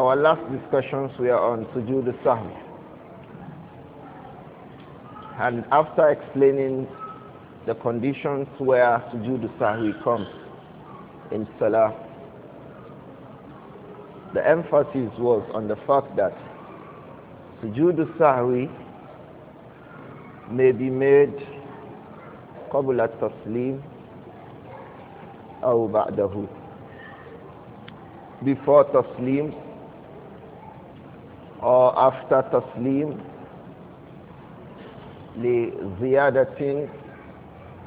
Our last discussions were on sujood sahwi. And after explaining the conditions where sujood sahwi comes in salah, the emphasis was on the fact that sujood sahwi may be made قبل التسليم أو بعده before taslim or after taslim لزيادة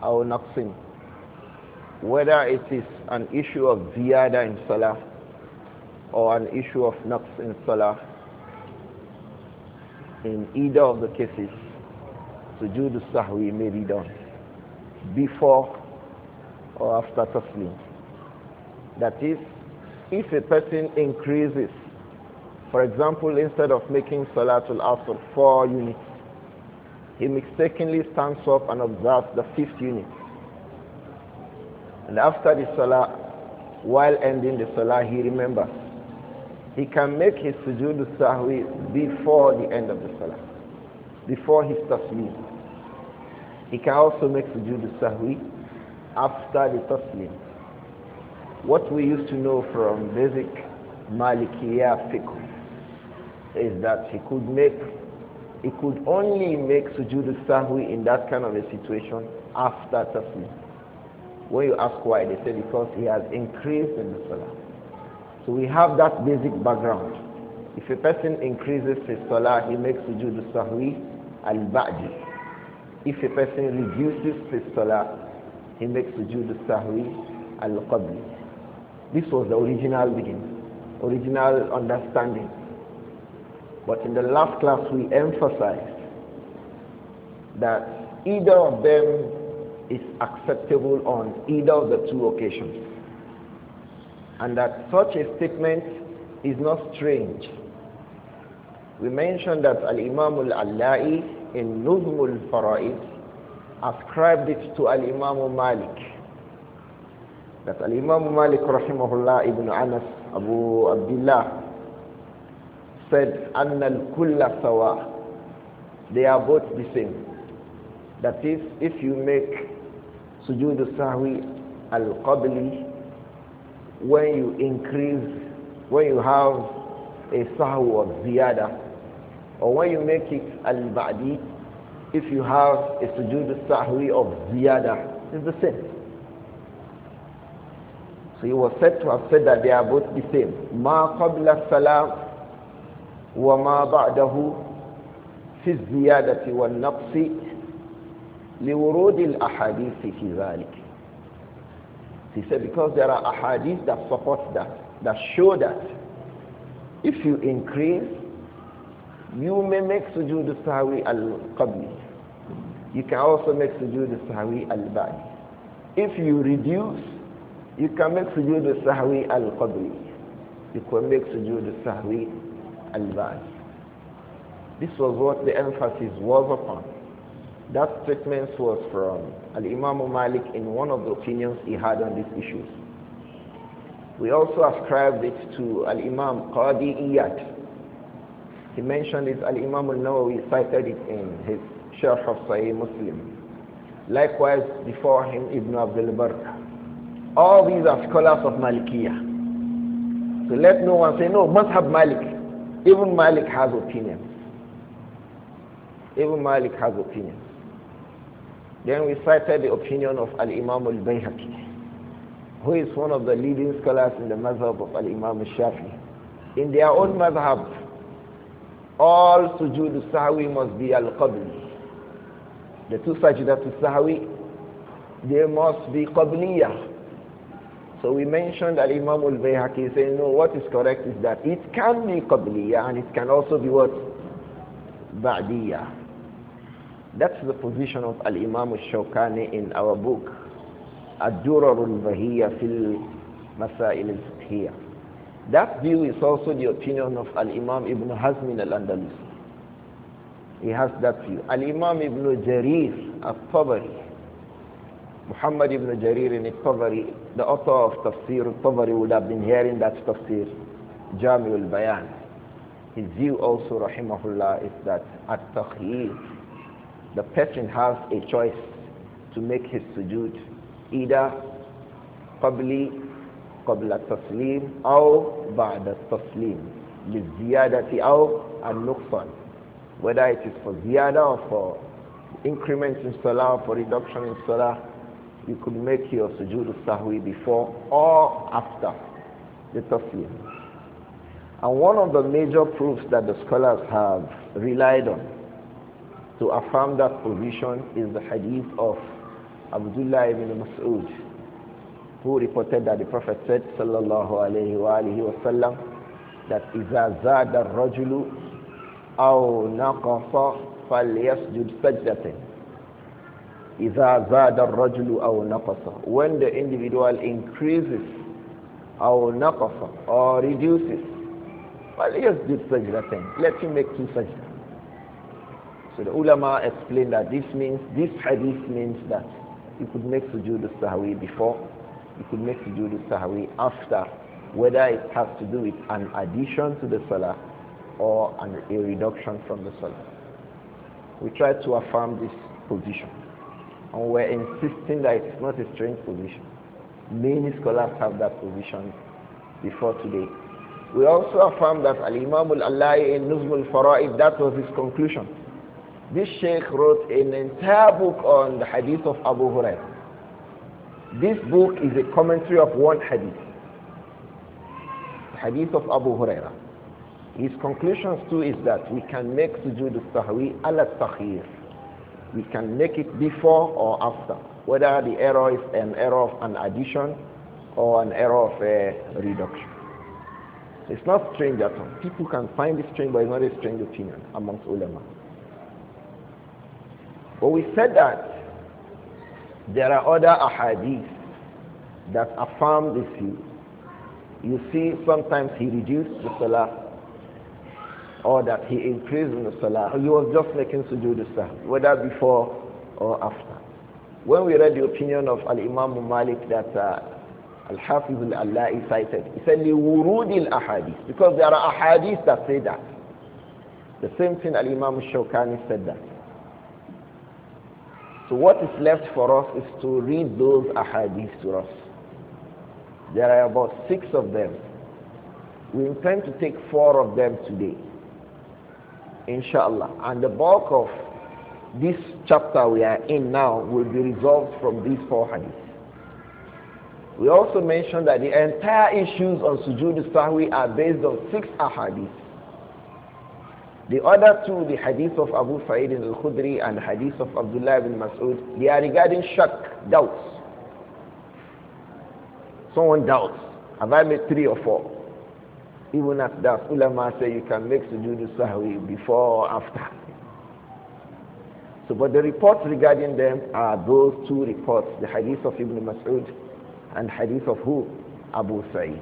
أو نقص whether it is an issue of ziyada in salah or an issue of naqs in salah in either of the cases sujood sahwi may be done before or after taslim that is if a person increases for example, instead of making Salatul Asr four units, he mistakenly stands up and observes the fifth unit. And after the Salah, while ending the Salah, he remembers. He can make his sujood sahwi before the end of the Salah, before his taslim. He can also make sujood sahwi after the taslim. What we used to know from basic Malikiya fiqh is that he could make he could only make sujood sahwi in that kind of a situation after taslim. When you ask why, they say because he has increased in the salah. So we have that basic background. If a person increases his salah, he makes sujood sahwi al-ba'di. If a person reduces his salah, he makes sujood sahwi al-qabli. This was the original beginning, original understanding. But in the last class, we emphasized that either of them is acceptable on either of the two occasions. And that such a statement is not strange. We mentioned that Al-Imam Al-Allai in Nuzm Al-Fara'id ascribed it to Al-Imam Malik. That Al-Imam Malik rahimahullah ibn Anas Abu Abdullah said, Annal kulla sawa. They are both the same. That is, if you make sujood sahwi al-qabli, when you increase, when you have a sahwi of ziyada, or when you make it al-ba'di, if you have a sujood sahwi of ziyada, it's the same. So he was said to have said that they are both the same. Ma qabla salam وما بعده في الزيادة والنقص لورود الأحاديث في ذلك He said because there are ahadith that support that, that show that if you increase, you may make sujood sahwi al-qabli. You can also make sujood sahwi al-ba'di. If you reduce, you can make sujood sahwi al-qabli. You can make sujood sahwi al This was what the emphasis was upon. That statement was from Al-Imam Malik in one of the opinions he had on these issues. We also ascribed it to Al-Imam Qadi Iyat. He mentioned it, Al-Imam al-Nawawi cited it in his Sharh of Sahih Muslim. Likewise, before him, Ibn Abdul Barqa. All these are scholars of Malikia. So let no one say, no, must have Malik. Even Malik has opinions. Even Malik has opinions. Then we cited the opinion of Al-Imam al-Bayhaqi, who is one of the leading scholars in the mazhab of Al-Imam al-Shafi. In their own mazhab, all sujood sahwi must be al-qabli. The two sajda to sahwi, they must be qabliyah. So we mentioned that Imam al-Bayhaqi saying, no, what is correct is that it can be Qabliya and it can also be what? Ba'diya. That's the position of al-Imam al-Shawkani in our book, Ad-Durar al-Bahiyya fil Masail al That view is also the opinion of al-Imam Ibn Hazm al-Andalus. He has that view. Al-Imam Ibn Jarir al-Tabari, Muhammad Ibn Jarir al-Tabari, the author of Tafsir Tabari would have been hearing that Tafsir, Jami al-Bayan. His view also, rahimahullah, is that at takhyir the person has a choice to make his sujood either qabli قبل التسليم أو بعد التسليم للزيادة أو النقصان whether it is for ziyada or for increment in salah for reduction in salah you could make your sujood sahwi before or after the taslim. And one of the major proofs that the scholars have relied on to affirm that position is the hadith of Abdullah ibn Mas'ud who reported that the Prophet said sallallahu alayhi wa alihi wasallam that إِذَا زَادَ الرَّجُلُ أَوْ نَقَصَ فَلْيَسْجُدْ سَجْدَةٍ when the individual increases أو نقص or reduces well just do sajda thing let him make two sajda so the ulama explained that this means this hadith means that you could make sujood al-sahwi before you could make sujood al-sahwi after whether it has to do with an addition to the salah or an, a reduction from the salah we try to affirm this position and we're insisting that it is not a strange position. Many scholars have that position before today. We also affirm that Al-Imam Al-Allai in Nuzm Al-Fara'id, that was his conclusion. This sheikh wrote an entire book on the hadith of Abu Hurairah. This book is a commentary of one hadith. The hadith of Abu Hurairah. His conclusions too is that we can make sujood al-sahwi ala-takhir we can make it before or after, whether the error is an error of an addition or an error of a reduction. It's not strange at all. People can find it strange, but it's not a strange opinion amongst ulama. But we said that there are other ahadith that affirm this view. You see, sometimes he reduced the salah, or that he increased in the salah. He was just making sujood salah, whether before or after. When we read the opinion of Al-Imam Malik that uh, Al-Hafiz al-Allah he cited, he said, لِوُرُودِ الْأَحَادِيثِ Because there are ahadith that say that. The same thing Al-Imam Shawkani said that. So what is left for us is to read those ahadith to us. There are about six of them. We intend to take four of them today inshallah and the bulk of this chapter we are in now will be resolved from these four hadiths we also mentioned that the entire issues on sujood sahwi are based on six ahadith the other two the hadith of abu sa'id al-khudri and the hadith of abdullah ibn mas'ud they are regarding shak doubts someone doubts have i made three or four even at that, ulama say you can make sujood sahwi before or after. So, but the reports regarding them are those two reports, the hadith of Ibn Mas'ud and hadith of who? Abu Sa'id.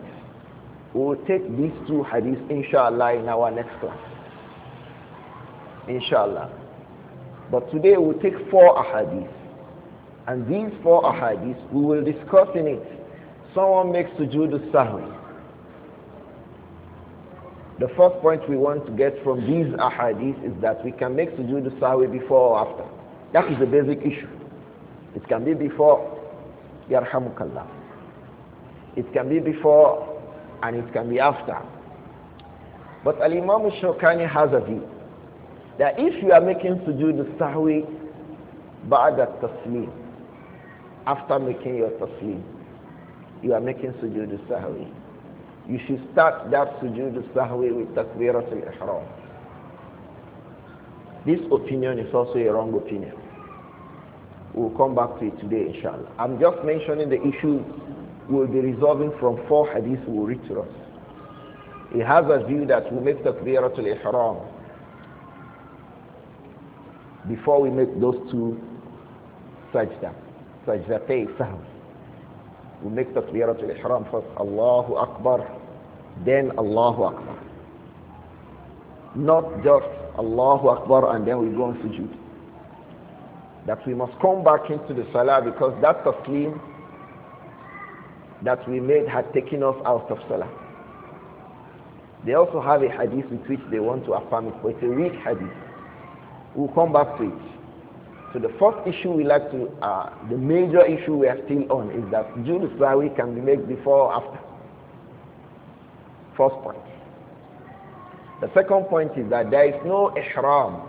We will take these two hadiths, inshallah, in our next class. Inshallah. But today we'll take four ahadith. And these four ahadith, we will discuss in it. Someone makes sujood sahwi. The first point we want to get from these ahadith is that we can make sujood sahwi before or after. That is the basic issue. It can be before yarhamukallah. It can be before and it can be after. But Al-Imam Shawkani has a view that if you are making sujood sahwi ba'da taslim, after making your taslim, you are making sujood sahwi. You should start that sujood sahwi with takbirat al-ihram. This opinion is also a wrong opinion. We'll come back to it today, inshallah. I'm just mentioning the issue we'll be resolving from four hadiths we'll read to us. He has a view that we make takbirat al-ihram before we make those two sajda, sajdatay sahwi. We make takbirat al-ihram first, Allahu Akbar, then Allahu Akbar. Not just Allahu Akbar and then we go on sujood. That we must come back into the salah because that taslim that we made had taken us out of salah. They also have a hadith with which they want to affirm it, but it's a weak hadith. We'll come back to it. So the first issue we like to, uh, the major issue we are still on is that June Sawi can be made before or after. First point. The second point is that there is no ihram.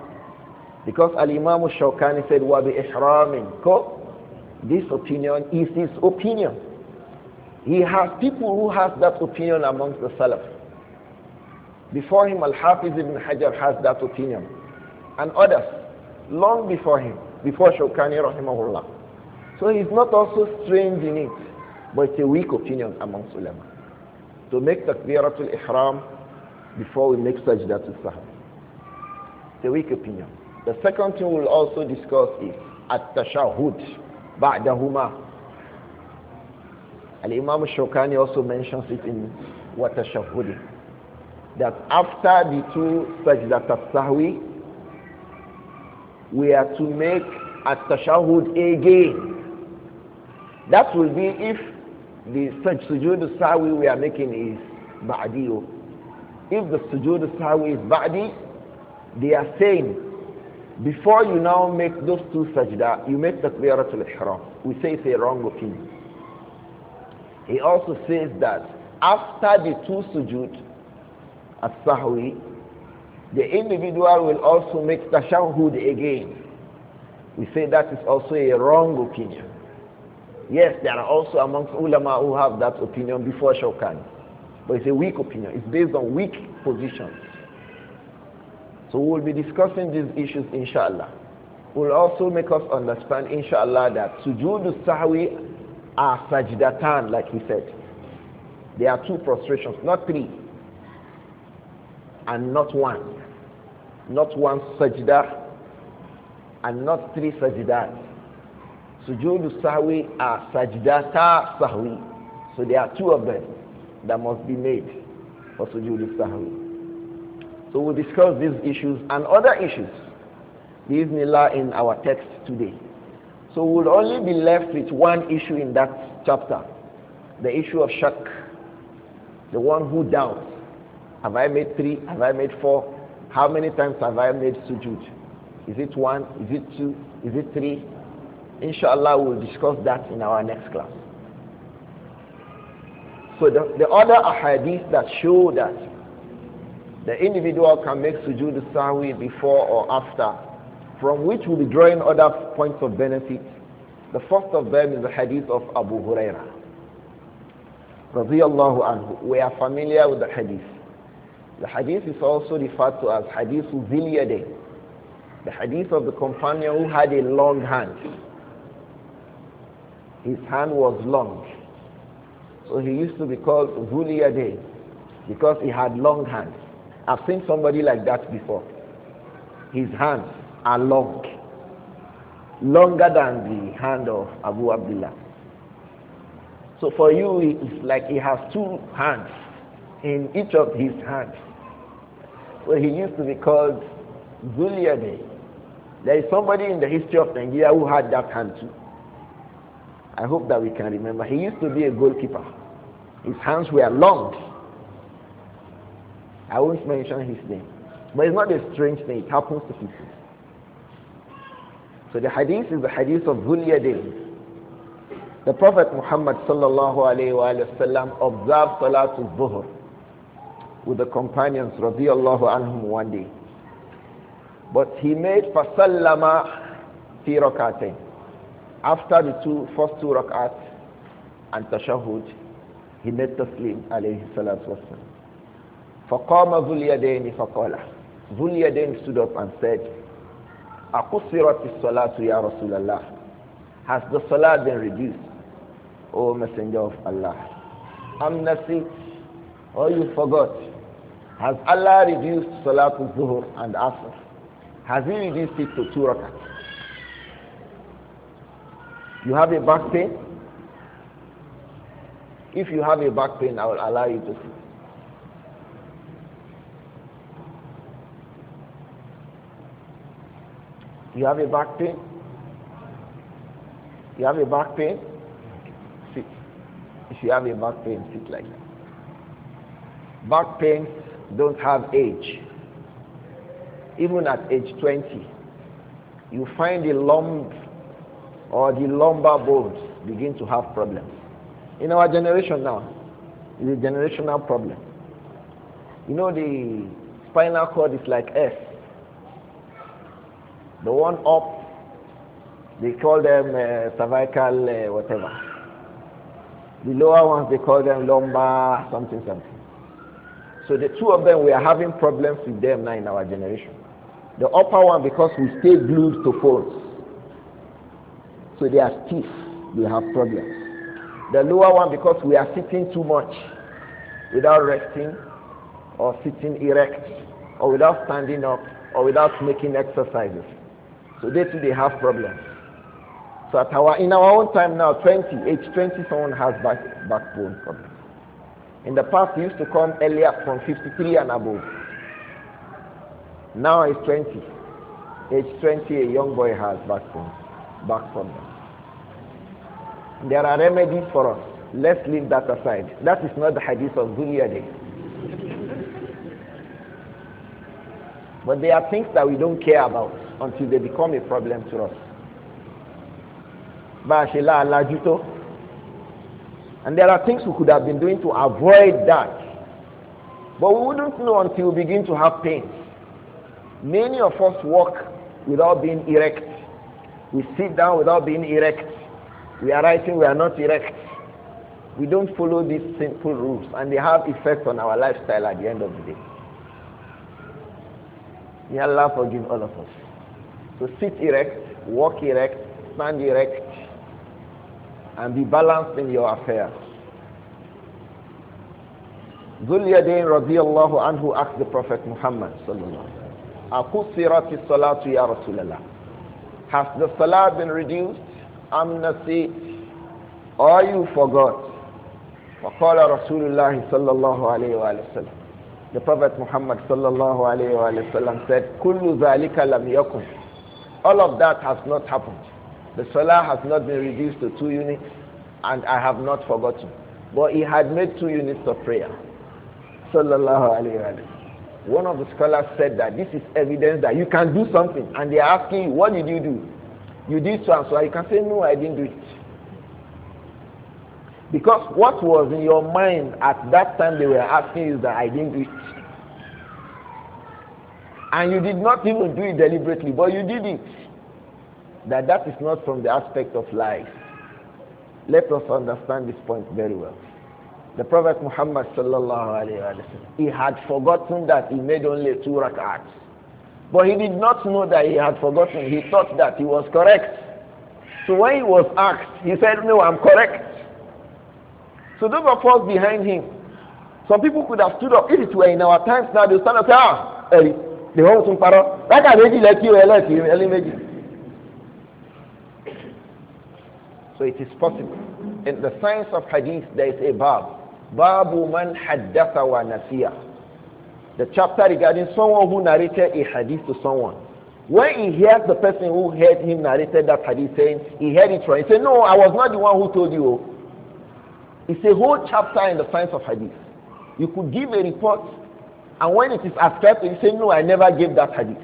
Because Al-Imam Shawkani said, وَبِ in Ko? This opinion is his opinion. He has people who have that opinion amongst the Salaf. Before him, Al-Hafiz ibn Hajar has that opinion. And others, long before him, before Shawkani rahimahullah. So he's not also strange in it, but it's a weak opinion amongst ulama to make takbiratul ihram before we make sajdatul sahwi. The weak opinion. The second thing we'll also discuss is at-tashahhud ba'dahuma. Al-Imam Shokani also mentions it in Watashahudi that after the two sajdatul sahwi we are to make at again. That will be if the sujood sawi we are making is ba'diyo. Oh. If the sujood sawi is ba'di, they are saying, before you now make those two sajda, you make the ihram. We say it's a wrong opinion. He also says that after the two sujood, as-sahwi, the individual will also make tashahhud again. We say that is also a wrong opinion. Yes, there are also amongst ulama who have that opinion before Shawkani. But it's a weak opinion. It's based on weak positions. So we'll be discussing these issues inshallah. Will also make us understand inshallah that sujood sahwi are sajdatan like he said. There are two prostrations, not three. And not one. Not one sajda and not three sajdas. Sujood sahwi are sajdata sahwi. So there are two of them that must be made for sujood sahwi. So we'll discuss these issues and other issues, bi'ithnillah, in our text today. So we'll only be left with one issue in that chapter, the issue of shak, the one who doubts. Have I made three? Have I made four? How many times have I made sujood? Is it one? Is it two? Is it three? Inshallah, we'll discuss that in our next class. So the, the other ahadith that show that the individual can make sujood sahwi before or after, from which we'll be drawing other points of benefit. The first of them is the hadith of Abu Huraira. Radiallahu anhu. We are familiar with the hadith. The hadith is also referred to as hadith Ziliyadeh. The hadith of the companion who had a long hand. His hand was long. So he used to be called Vuliyade because he had long hands. I've seen somebody like that before. His hands are long, longer than the hand of Abu Abdullah. So for you, it's like he has two hands in each of his hands. So he used to be called Vuliyade. There is somebody in the history of Nigeria who had that hand too. I hope that we can remember. He used to be a goalkeeper. His hands were long. I won't mention his name. But it's not a strange thing. It happens to people. So the hadith is the hadith of Hulyadin. The Prophet Muhammad sallallahu alayhi wasallam observed Salatul Zuhr with the companions radiyallahu anhum one day. But he made fasallama فِي after the two first two rak'at and tashahhud he made taslim alayhi salatu wassalam فقام ذو اليدين فقال ذو اليدين stood up and said أقصرت الصلاة يا رسول allah has the salah been reduced O messenger of Allah am nasi or you forgot has Allah reduced al zuhur and asr has he reduced it to two rakats?" You have a back pain? If you have a back pain, I will allow you to sit. You have a back pain? You have a back pain? Sit. If you have a back pain, sit like that. Back pains don't have age. Even at age 20, you find a lump or the lumbar bones begin to have problems. In our generation now, it's a generational problem. You know the spinal cord is like S. The one up, they call them uh, cervical uh, whatever. The lower ones, they call them lumbar something something. So the two of them, we are having problems with them now in our generation. The upper one because we stay glued to phones. So they are stiff. They have problems. The lower one because we are sitting too much without resting or sitting erect or without standing up or without making exercises. So they too they have problems. So at our, in our own time now, 20, age 20, someone has back, backbone problems. In the past, used to come earlier from 53 and above. Now it's 20. Age 20, a young boy has backbone, back problems. There are remedies for us. Let's leave that aside. That is not the hadith of Bunyadi. But there are things that we don't care about until they become a problem to us. And there are things we could have been doing to avoid that. But we wouldn't know until we begin to have pain. Many of us walk without being erect. We sit down without being erect. We are writing, we are not erect. We don't follow these simple rules and they have effect on our lifestyle at the end of the day. May Allah forgive all of us. So sit erect, walk erect, stand erect, and be balanced in your affairs. Dhul Yadayn radiyallahu anhu asked the Prophet Muhammad sallallahu alayhi wa sallam, Has the salah been reduced? amnesty or you forgot. وقال رسول الله صلى الله عليه وسلم The Prophet Muhammad صلى الله عليه وسلم said كل ذلك لم يكن All of that has not happened. The salah has not been reduced to two units and I have not forgotten. But he had made two units of prayer. صلى الله عليه وسلم. One of the scholars said that this is evidence that you can do something and they are asking you, what did you do? You did so and so. You can say, no, I didn't do it. Because what was in your mind at that time they were asking you that I didn't do it. And you did not even do it deliberately, but you did it. That that is not from the aspect of life. Let us understand this point very well. The Prophet Muhammad sallallahu alayhi wa he had forgotten that he made only two rak'ats. But he did not know that he had forgotten. He thought that he was correct. So when he was asked, he said, No, I'm correct. So those of us behind him, some people could have stood up. If it were in our times now, they would stand up and say, Ah, the whole thing, Paro. That can make like you, like you, let you. So it is possible. In the science of hadith, there is a bab. Babu man haddatha wa nasiya the chapter regarding someone who narrated a hadith to someone. When he hears the person who heard him narrated that hadith saying, he heard it wrong, he said, no, I was not the one who told you. It's a whole chapter in the science of hadith. You could give a report, and when it is accepted, you say, no, I never gave that hadith.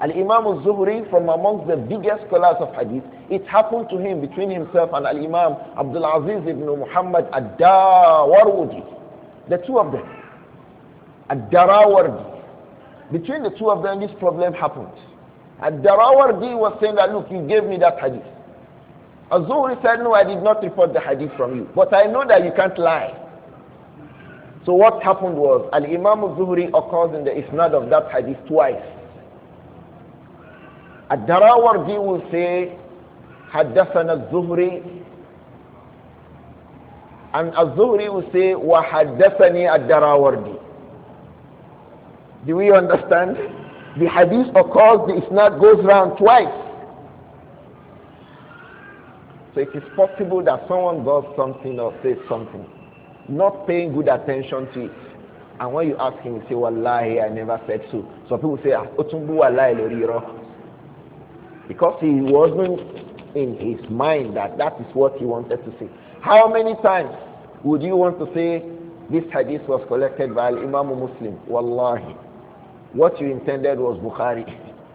Al-Imam al-Zuhri, from amongst the biggest scholars of hadith, it happened to him between himself and Al-Imam Abdul Aziz ibn Muhammad ad-Dawarwudi, the two of them. Ad-Darawardi. Between the two of them, this problem happened. Ad-Darawardi was saying that, look, you gave me that hadith. Az-Zuhri said, no, I did not report the hadith from you. But I know that you can't lie. So what happened was, Al-Imam Az-Zuhri occurs in the isnad of that hadith twice. Ad-Darawardi will say, حدثنا الزهري and Azhuri will say, وَحَدَّثَنِي الدَّرَاوَرْدِي do we understand? The hadith occurs, the isnad goes round twice. So it is possible that someone does something or says something, not paying good attention to it. And when you ask him, you say, Wallahi, I never said so. Some people say, Otumbu ah, Wallahi Loriro. Because he wasn't in his mind that that is what he wanted to say. How many times would you want to say, this hadith was collected by Imam Muslim? Wallahi. What you intended was Bukhari,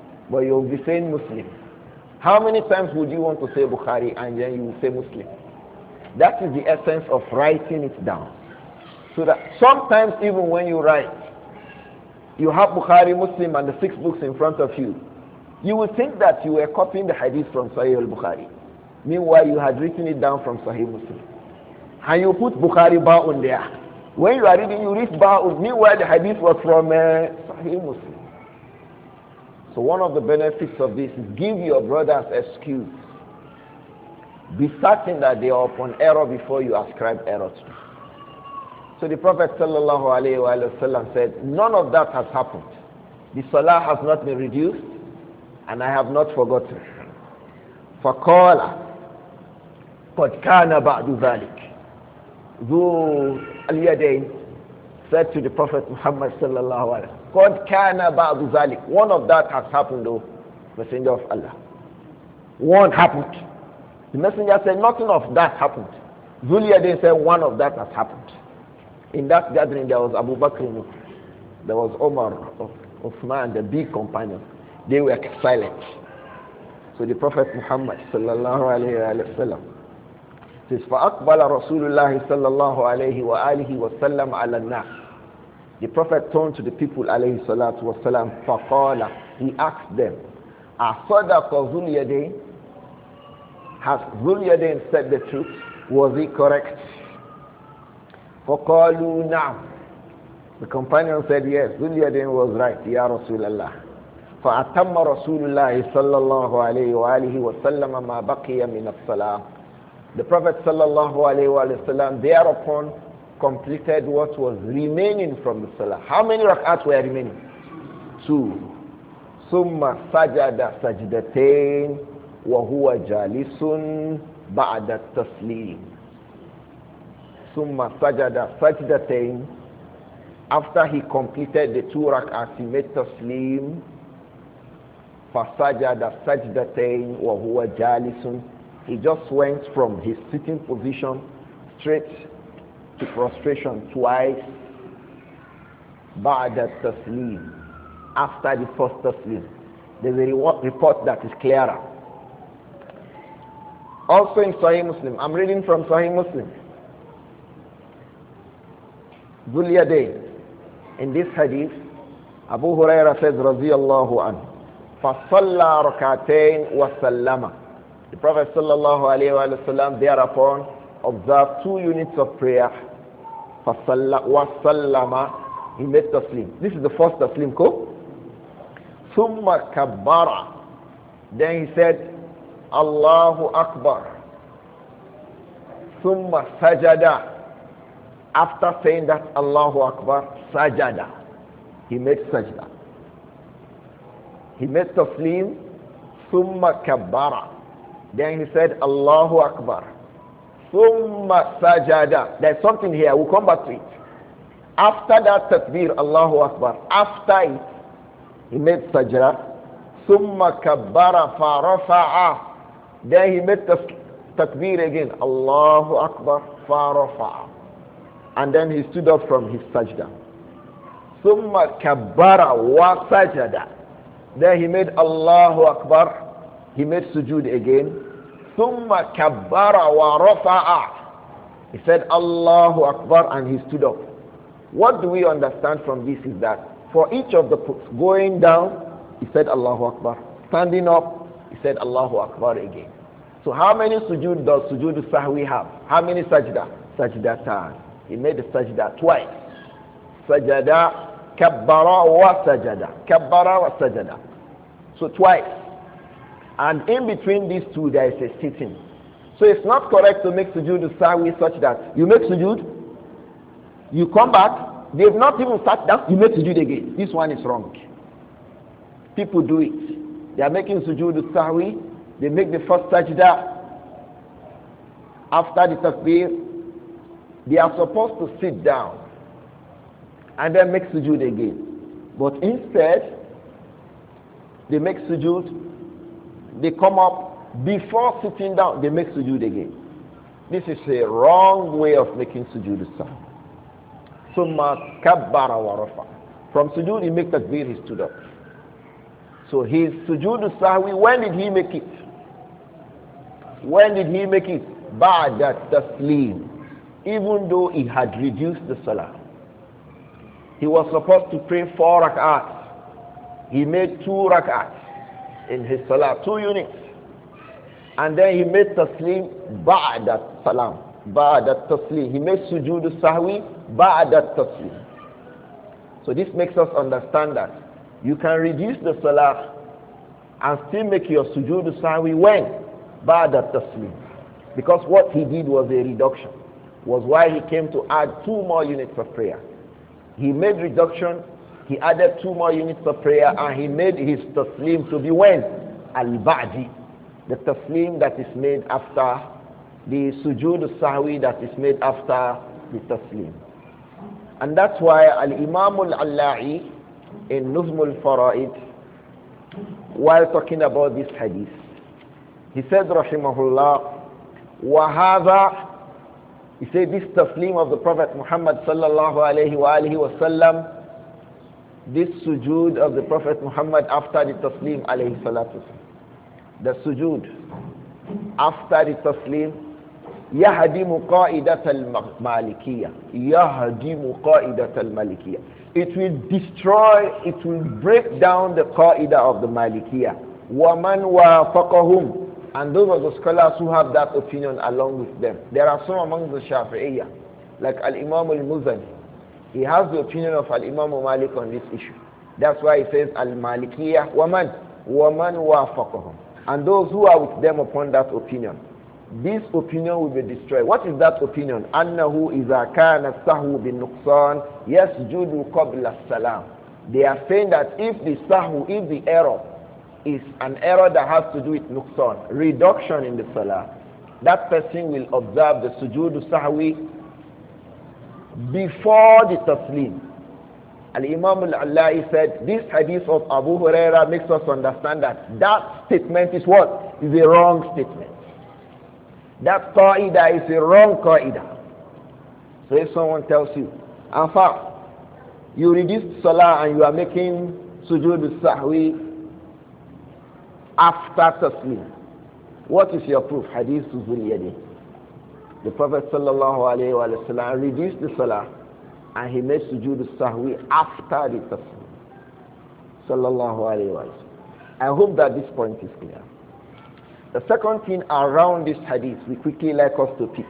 but you'll be saying Muslim. How many times would you want to say Bukhari and then you will say Muslim? That is the essence of writing it down. So that sometimes even when you write, you have Bukhari, Muslim, and the six books in front of you. You will think that you were copying the hadith from Sahih al-Bukhari. Meanwhile, you had written it down from Sahih Muslim. And you put Bukhari Ba'un there. When you are reading, you read Ba'ud. Meanwhile, the hadith was from uh, Sahih Muslim. So one of the benefits of this is give your brothers excuse. Be certain that they are upon error before you ascribe error to them. So the Prophet said, none of that has happened. The salah has not been reduced, and I have not forgotten. فقال قد كان بعد ذلك ذو al-Yadayn said to the Prophet Muhammad sallallahu alaihi wasallam, care kana ba'du zalik." One of that has happened, though, Messenger of Allah. One happened. The Messenger said, "Nothing of that happened." Zuliyadin said, "One of that has happened." In that gathering, there was Abu Bakr, there was Omar of Uthman, the big companion. They were silent. So the Prophet Muhammad sallallahu alaihi wasallam says فأقبل رسول الله صلى الله عليه وآله وسلم على الناس the prophet turned to the people alayhi salatu wasalam فقال he asked them أصدق ذو اليدين has ذو اليدين said the truth was he correct فقالوا نعم the companion said yes ذو اليدين was right يا رسول الله فأتم رسول الله صلى الله عليه وآله وسلم ما بقي من الصلاة the Prophet thereupon completed what was remaining from the salah. How many rakats were remaining? Two. Summa sajada sajdatain wa huwa jalisun ba'da taslim. Summa sajada sajdatain after he completed the two rak'at he made taslim fa sajada sajdatain wa huwa jalisun he just went from his sitting position straight to prostration twice by بعد التسليم after the first taslim. There's a report that is clearer. Also in Sahih Muslim, I'm reading from Sahih Muslim. Dhulyadayn. In this hadith, Abu Huraira says, رضي الله عنه, فصلى ركعتين وسلمه. The Prophet ﷺ thereupon observed two units of prayer. salama. He made taslim. This is the first taslim ko. Summa kabara. Then he said, Allahu Akbar. Summa sajada. After saying that Allahu Akbar, sajada. He made sajda. He made taslim. Summa kabara. Then he said, Allahu Akbar. Summa sajada. There's something here. We'll come back to it. After that takbir, Allahu Akbar. After it, he made sajda. Summa kabbara farafa'a. Then he made the takbir again. Allahu Akbar farafa'a. And then he stood up from his sajda. Summa kabbara wa sajada. Then he made Allahu Akbar he made sujood again. ثُمَّ كَبَّرَ وَرَفَعَ He said, Allahu Akbar, and he stood up. What do we understand from this is that for each of the going down, he said Allahu Akbar. Standing up, he said Allahu Akbar again. So how many sujood does sujood sahwi have? How many sajda? Sajdatan. He made the sajda twice. Sajda, kabbara wa sajada. Kabbara wa sajada. So twice. And in between these two, there is a sitting. So it's not correct to make sujood sawi such that you make sujood, you come back, they've not even sat down, you make sujood again. This one is wrong. People do it. They are making sujood sawi, they make the first sajda after the takbir, they are supposed to sit down and then make sujood again. But instead, they make sujood they come up before sitting down, they make sujood again. This is a wrong way of making sujood sound. Summa kabbara wa From sujood he makes takbir, he stood up. So his sujood sahwi, when did he make it? When did he make it? Ba'da taslim. Even though he had reduced the salah. He was supposed to pray four rakats. He made two rakats in his salah, two units. And then he made taslim ba'da salam, ba'da taslim. He made sujood sahwi ba'da taslim. So this makes us understand that you can reduce the salah and still make your sujood sahwi when? Ba'da taslim. Because what he did was a reduction, was why he came to add two more units of prayer. He made reduction he added two more units of prayer and he made his taslim to be when? Al-Ba'di. The taslim that is made after the sujood sahwi that is made after the taslim. And that's why Al-Imam Al-Alla'i in Nuzm Al-Fara'id while talking about this hadith he said rahimahullah wa hadha he said this taslim of the prophet muhammad sallallahu alaihi wa alihi wasallam this sujood of the Prophet Muhammad after the taslim alayhi salatu. The sujood after the taslim يهدم قاعدة المالكية يهدم قاعدة المالكية It will destroy, it will break down the qaida of the Malikiya. وَمَنْ وَافَقَهُمْ And those are the scholars who have that opinion along with them. There are some among the Shafi'iyya, like Al-Imam al-Muzani, he has the opinion of Al-Imam Malik on this issue. That's why he says, Al-Malikiyah waman, waman wafakahum. And those who are with them upon that opinion. This opinion will be destroyed. What is that opinion? أَنَّهُ إِذَا bin السَّهُ Yes, يَسْجُدُ قَبْلَ salam. They are saying that if the sahu, if the error is an error that has to do with nuqsan, reduction in the salah, that person will observe the sujood sahwi before the taslim. Al-Imam al-Allahi said, this hadith of Abu Huraira makes us understand that that statement is what? Is a wrong statement. That qaida is a wrong qaida. So if someone tells you, in you reduced salah and you are making sujood sahwi after taslim, what is your proof? Hadith Zul Yadin. The Prophet وسلم, reduced the salah and he made sujood sahwi after the tasbih. Sallallahu alayhi wa I hope that this point is clear. The second thing around this hadith we quickly like us to pick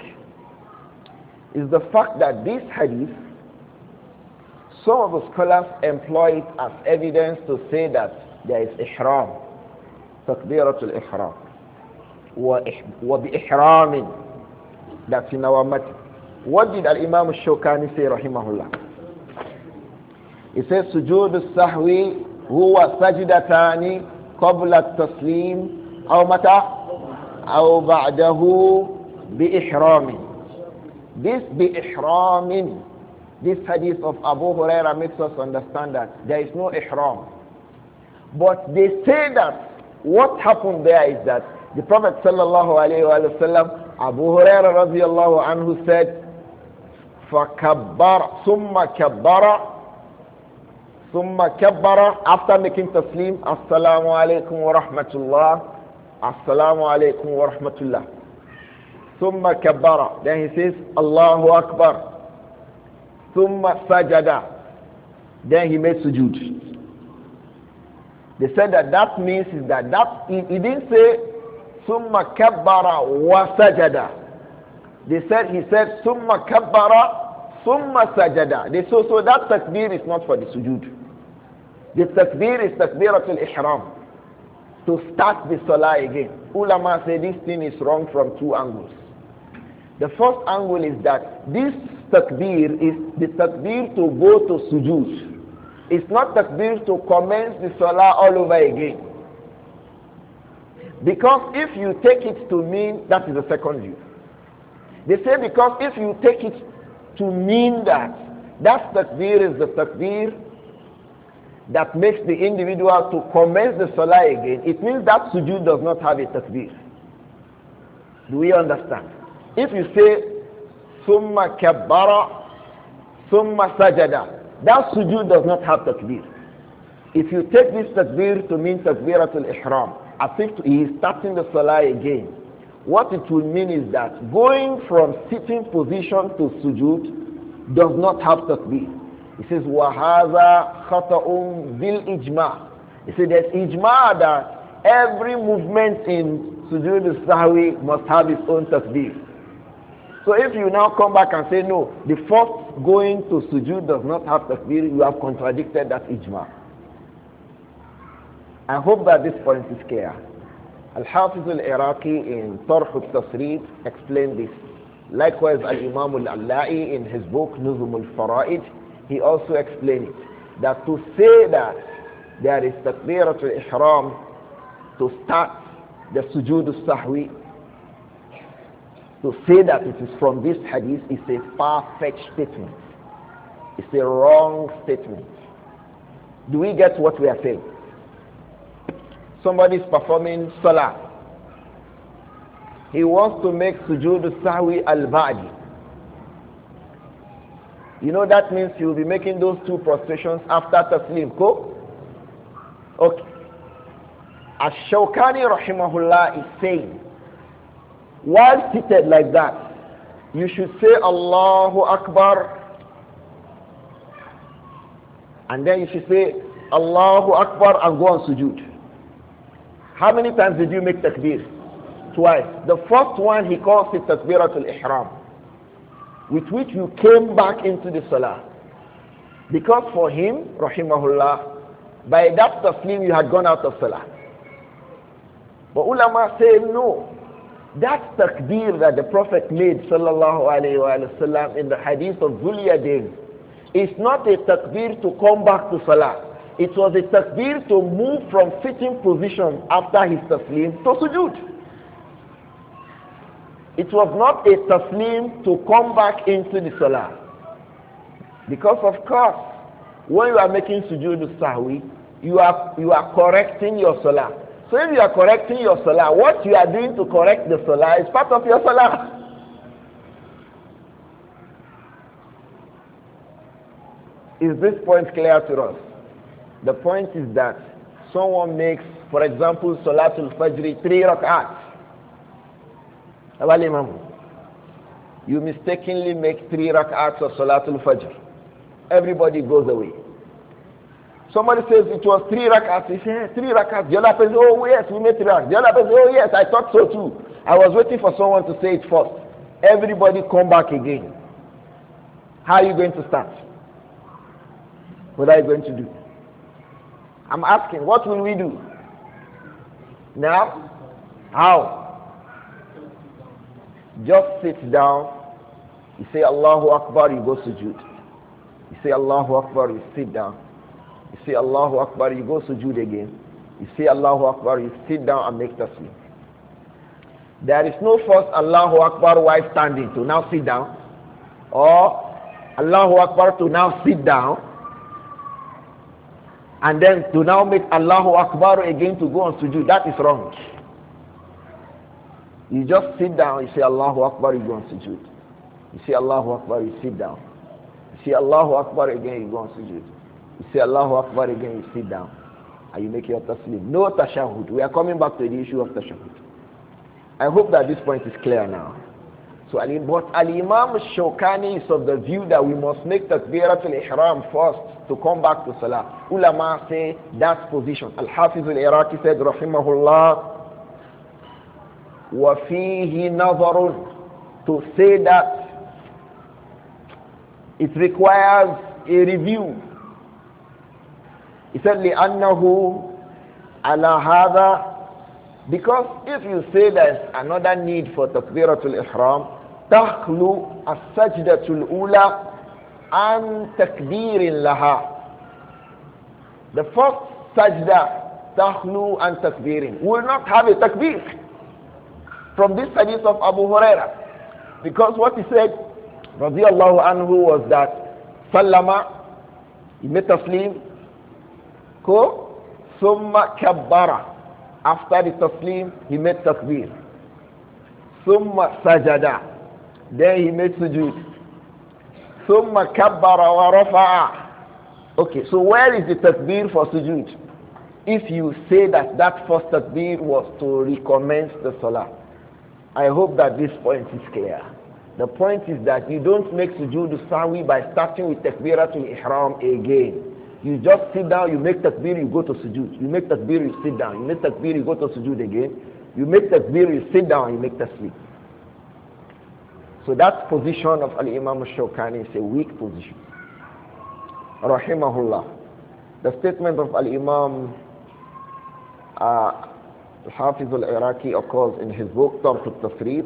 is the fact that this hadith, some of the scholars employ it as evidence to say that there is ihram, takbiratul ihram, wa bi ihramin that's in our mat. What did Al-Imam Shawkani say, rahimahullah? He says, Sujud al-sahwi huwa sajdatani qabla at-taslim aw mata aw ba'dahu bi-ihramin. This bi-ihramin, this hadith of Abu Huraira makes us understand that there is no ihram. But they say that what happened there is that the Prophet sallallahu alayhi wa Abu Huraira radiallahu anhu said, فَكَبَّرَ ثُمَّ كَبَّرَ ثُمَّ كَبَّرَ After making taslim, Assalamu alaikum wa rahmatullah, Assalamu alaikum wa rahmatullah. ثُمَّ كَبَّرَ Then he says, Allahu Akbar. ثُمَّ سَجَدَ Then he made sujood. They said that that means that that he, he didn't say Summa kabbara wa sajada. They said, he said, Summa kabbara, summa sajada. They so, so that takbir is not for the sujood. The takbir is takbiratul ihram. To start the salah again. Ulama say this thing is wrong from two angles. The first angle is that this takbir is the takbir to go to sujood. It's not takbir to commence the salah all over again. Because if you take it to mean, that is the second view. They say because if you take it to mean that, that takbir is the takbir that makes the individual to commence the salah again, it means that sujood does not have a takbir. Do we understand? If you say, summa kabbara, summa sajada, that sujood does not have takbir. If you take this takbir to mean takbiratul ihram, as if he is starting the salah again. What it will mean is that going from sitting position to sujud does not have be. He says, wahaza khataun bil ijma. He said there's ijma that every movement in sujud sahwi must have its own tasbih. So if you now come back and say, no, the first going to sujud does not have tasbih, you have contradicted that ijma. I hope that this point is clear. Al-Hafiz al-Iraqi in Tarh al-Tasrif explained this. Likewise, Al-Imam al-Allai in his book Nuzum al-Fara'id, he also explained it. That to say that there is takbirat al-ihram to start the sujood al-sahwi, to say that it is from this hadith is a far-fetched statement. It's a wrong statement. Do we get what we are saying? Somebody is performing salah. He wants to make sujood sahwi al-ba'di. You know that means you'll be making those two prostrations after taslim. Go. Okay. Ash-Shawkani rahimahullah is saying, while seated like that, you should say Allahu Akbar and then you should say Allahu Akbar and go on sujood. How many times did you make takbir? Twice. The first one he calls it takbiratul ihram, with which you came back into the salah. Because for him, rahimahullah, by that taslim you had gone out of salah. But ulama say no. That takbir that the Prophet made sallallahu alayhi wa sallam in the hadith of Zuliyadin is not a takbir to come back to salah. It was a takbir to move from sitting position after his taslim to sujood. It was not a taslim to come back into the salah. Because of course, when you are making sujood sahwi, you are, you are correcting your salah. So if you are correcting your salah, what you are doing to correct the salah is part of your salah. Is this point clear to us? The point is that someone makes, for example, Salatul Fajr three rak'at. you mistakenly make three rak'ats of Salatul Fajr. Everybody goes away. Somebody says it was three rak'ats. He says, three rak'ats. The other person, oh yes, we made three rak'ats. The other person, oh yes, I thought so too. I was waiting for someone to say it first. Everybody come back again. How are you going to start? What are you going to do? I'm asking, what will we do? Now? How? Just sit down. You say Allahu Akbar, you go sujood. You say Allahu Akbar, you sit down. You say Allahu Akbar, you go sujood again. You say Allahu Akbar, you sit down and make taslim. There is no first Allahu Akbar while standing to now sit down. Or Allahu Akbar to now sit down and then to now make Allahu Akbar again to go on sujood, that is wrong. You just sit down, you say Allahu Akbar, you go on sujood. You say Allahu Akbar, you sit down. You say Allahu Akbar again, you go on sujood. You say Allahu Akbar again, you sit down. And you make your taslim. No tashahud. We are coming back to the issue of tashahud. I hope that this point is clear now. So but Al-Imam Shawkani is of the view that we must make Takbiratul Ihram first to come back to Salah. Ulama say that position. Al-Hafiz al-Iraqi said, Rahimahullah, wafihi nazarun. To say that it requires a review. He said, لِأَنَّهُ عَلَى هَذَا Because if you say there's another need for Takbiratul Ihram, تخلو السجدة الأولى عن تكبير لها The first sajda, تخلو and تكبير will not have a takbir from this hadith of Abu Huraira because what he said رضي الله was that سلم he made taslim ko summa kabbara after the taslim he made takbir summa sajada then he made sujood. ثُمَّ كَبَّرَ Okay, so where is the takbir for sujood? If you say that that first takbir was to recommence the salah. I hope that this point is clear. The point is that you don't make sujood sawi by starting with takbiratul ihram again. You just sit down, you make takbir, you go to sujood. You make takbir, you sit down. You make takbir, you go to sujood again. You make takbir, you sit down, you make tasbih. So that position of Al-Imam Shawkani is a weak position. Rahimahullah. The statement of Al-Imam uh, Hafiz al-Iraqi occurs in his book, Tark al-Tasrif.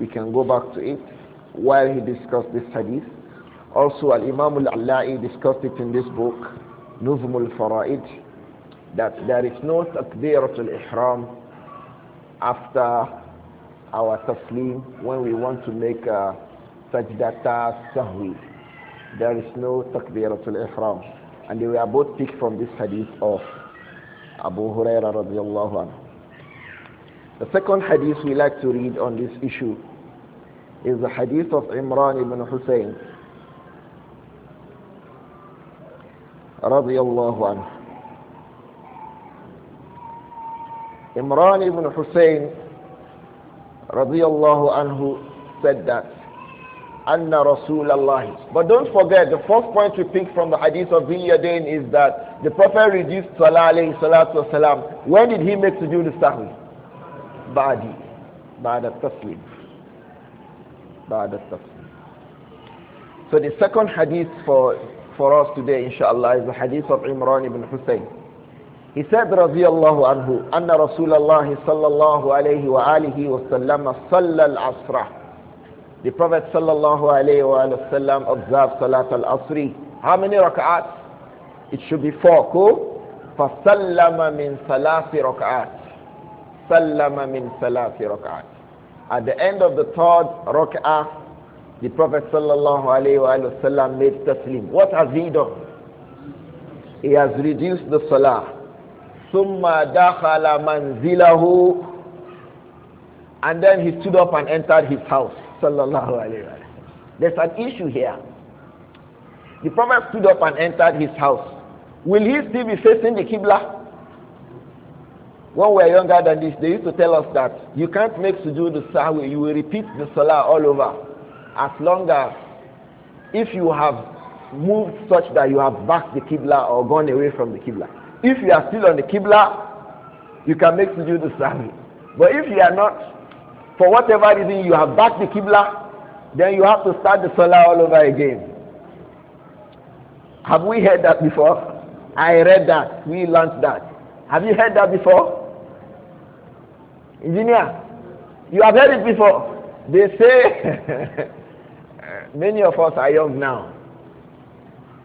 We can go back to it while he discussed this hadith. Also, Al-Imam al-Allai discussed it in this book, Nuzm al-Fara'id, that there is no takbiratul ihram after our taslim when we want to make a uh, sajdata sahwi. There is no takbiratul ihram. And they were both picked from this hadith of Abu Huraira radiallahu anhu. The second hadith we like to read on this issue is the hadith of Imran ibn Hussein radiallahu anhu. Imran ibn Hussein radiallahu anhu said that anna rasulallah but don't forget the first point we pick from the hadith of Yadain is that the prophet reduced salah alayhi salatu wasalam when did he make the sahwi ba'di ba'da taslim ba'da taslim so the second hadith for for us today inshallah is the hadith of Imran ibn Hussein He said رضي الله عنه أن رسول الله صلى الله عليه وآله وسلم صلى العصر The Prophet صلى الله عليه وآله وسلم observed صلاة العصر How many rak'ats? It should be four ko فسلم من ثلاث ركعات سلم من ثلاث ركعات At the end of the third rak'ah the Prophet sallallahu alayhi wa sallam made taslim. What has he done? He has reduced the salah. ثم دخل منزله and then he stood up and entered his house sallallahu alaihi there's an issue here the prophet stood up and entered his house will he still be facing the qibla when we were younger than this they used to tell us that you can't make sujood sahwi you will repeat the salah all over as long as if you have moved such that you have backed the qibla or gone away from the qibla if you are still on the Qibla, you can make sujood sahwi. But if you are not, for whatever reason you have backed the Qibla, then you have to start the Salah all over again. Have we heard that before? I read that. We learned that. Have you heard that before? Engineer, you have heard it before. They say, many of us are young now.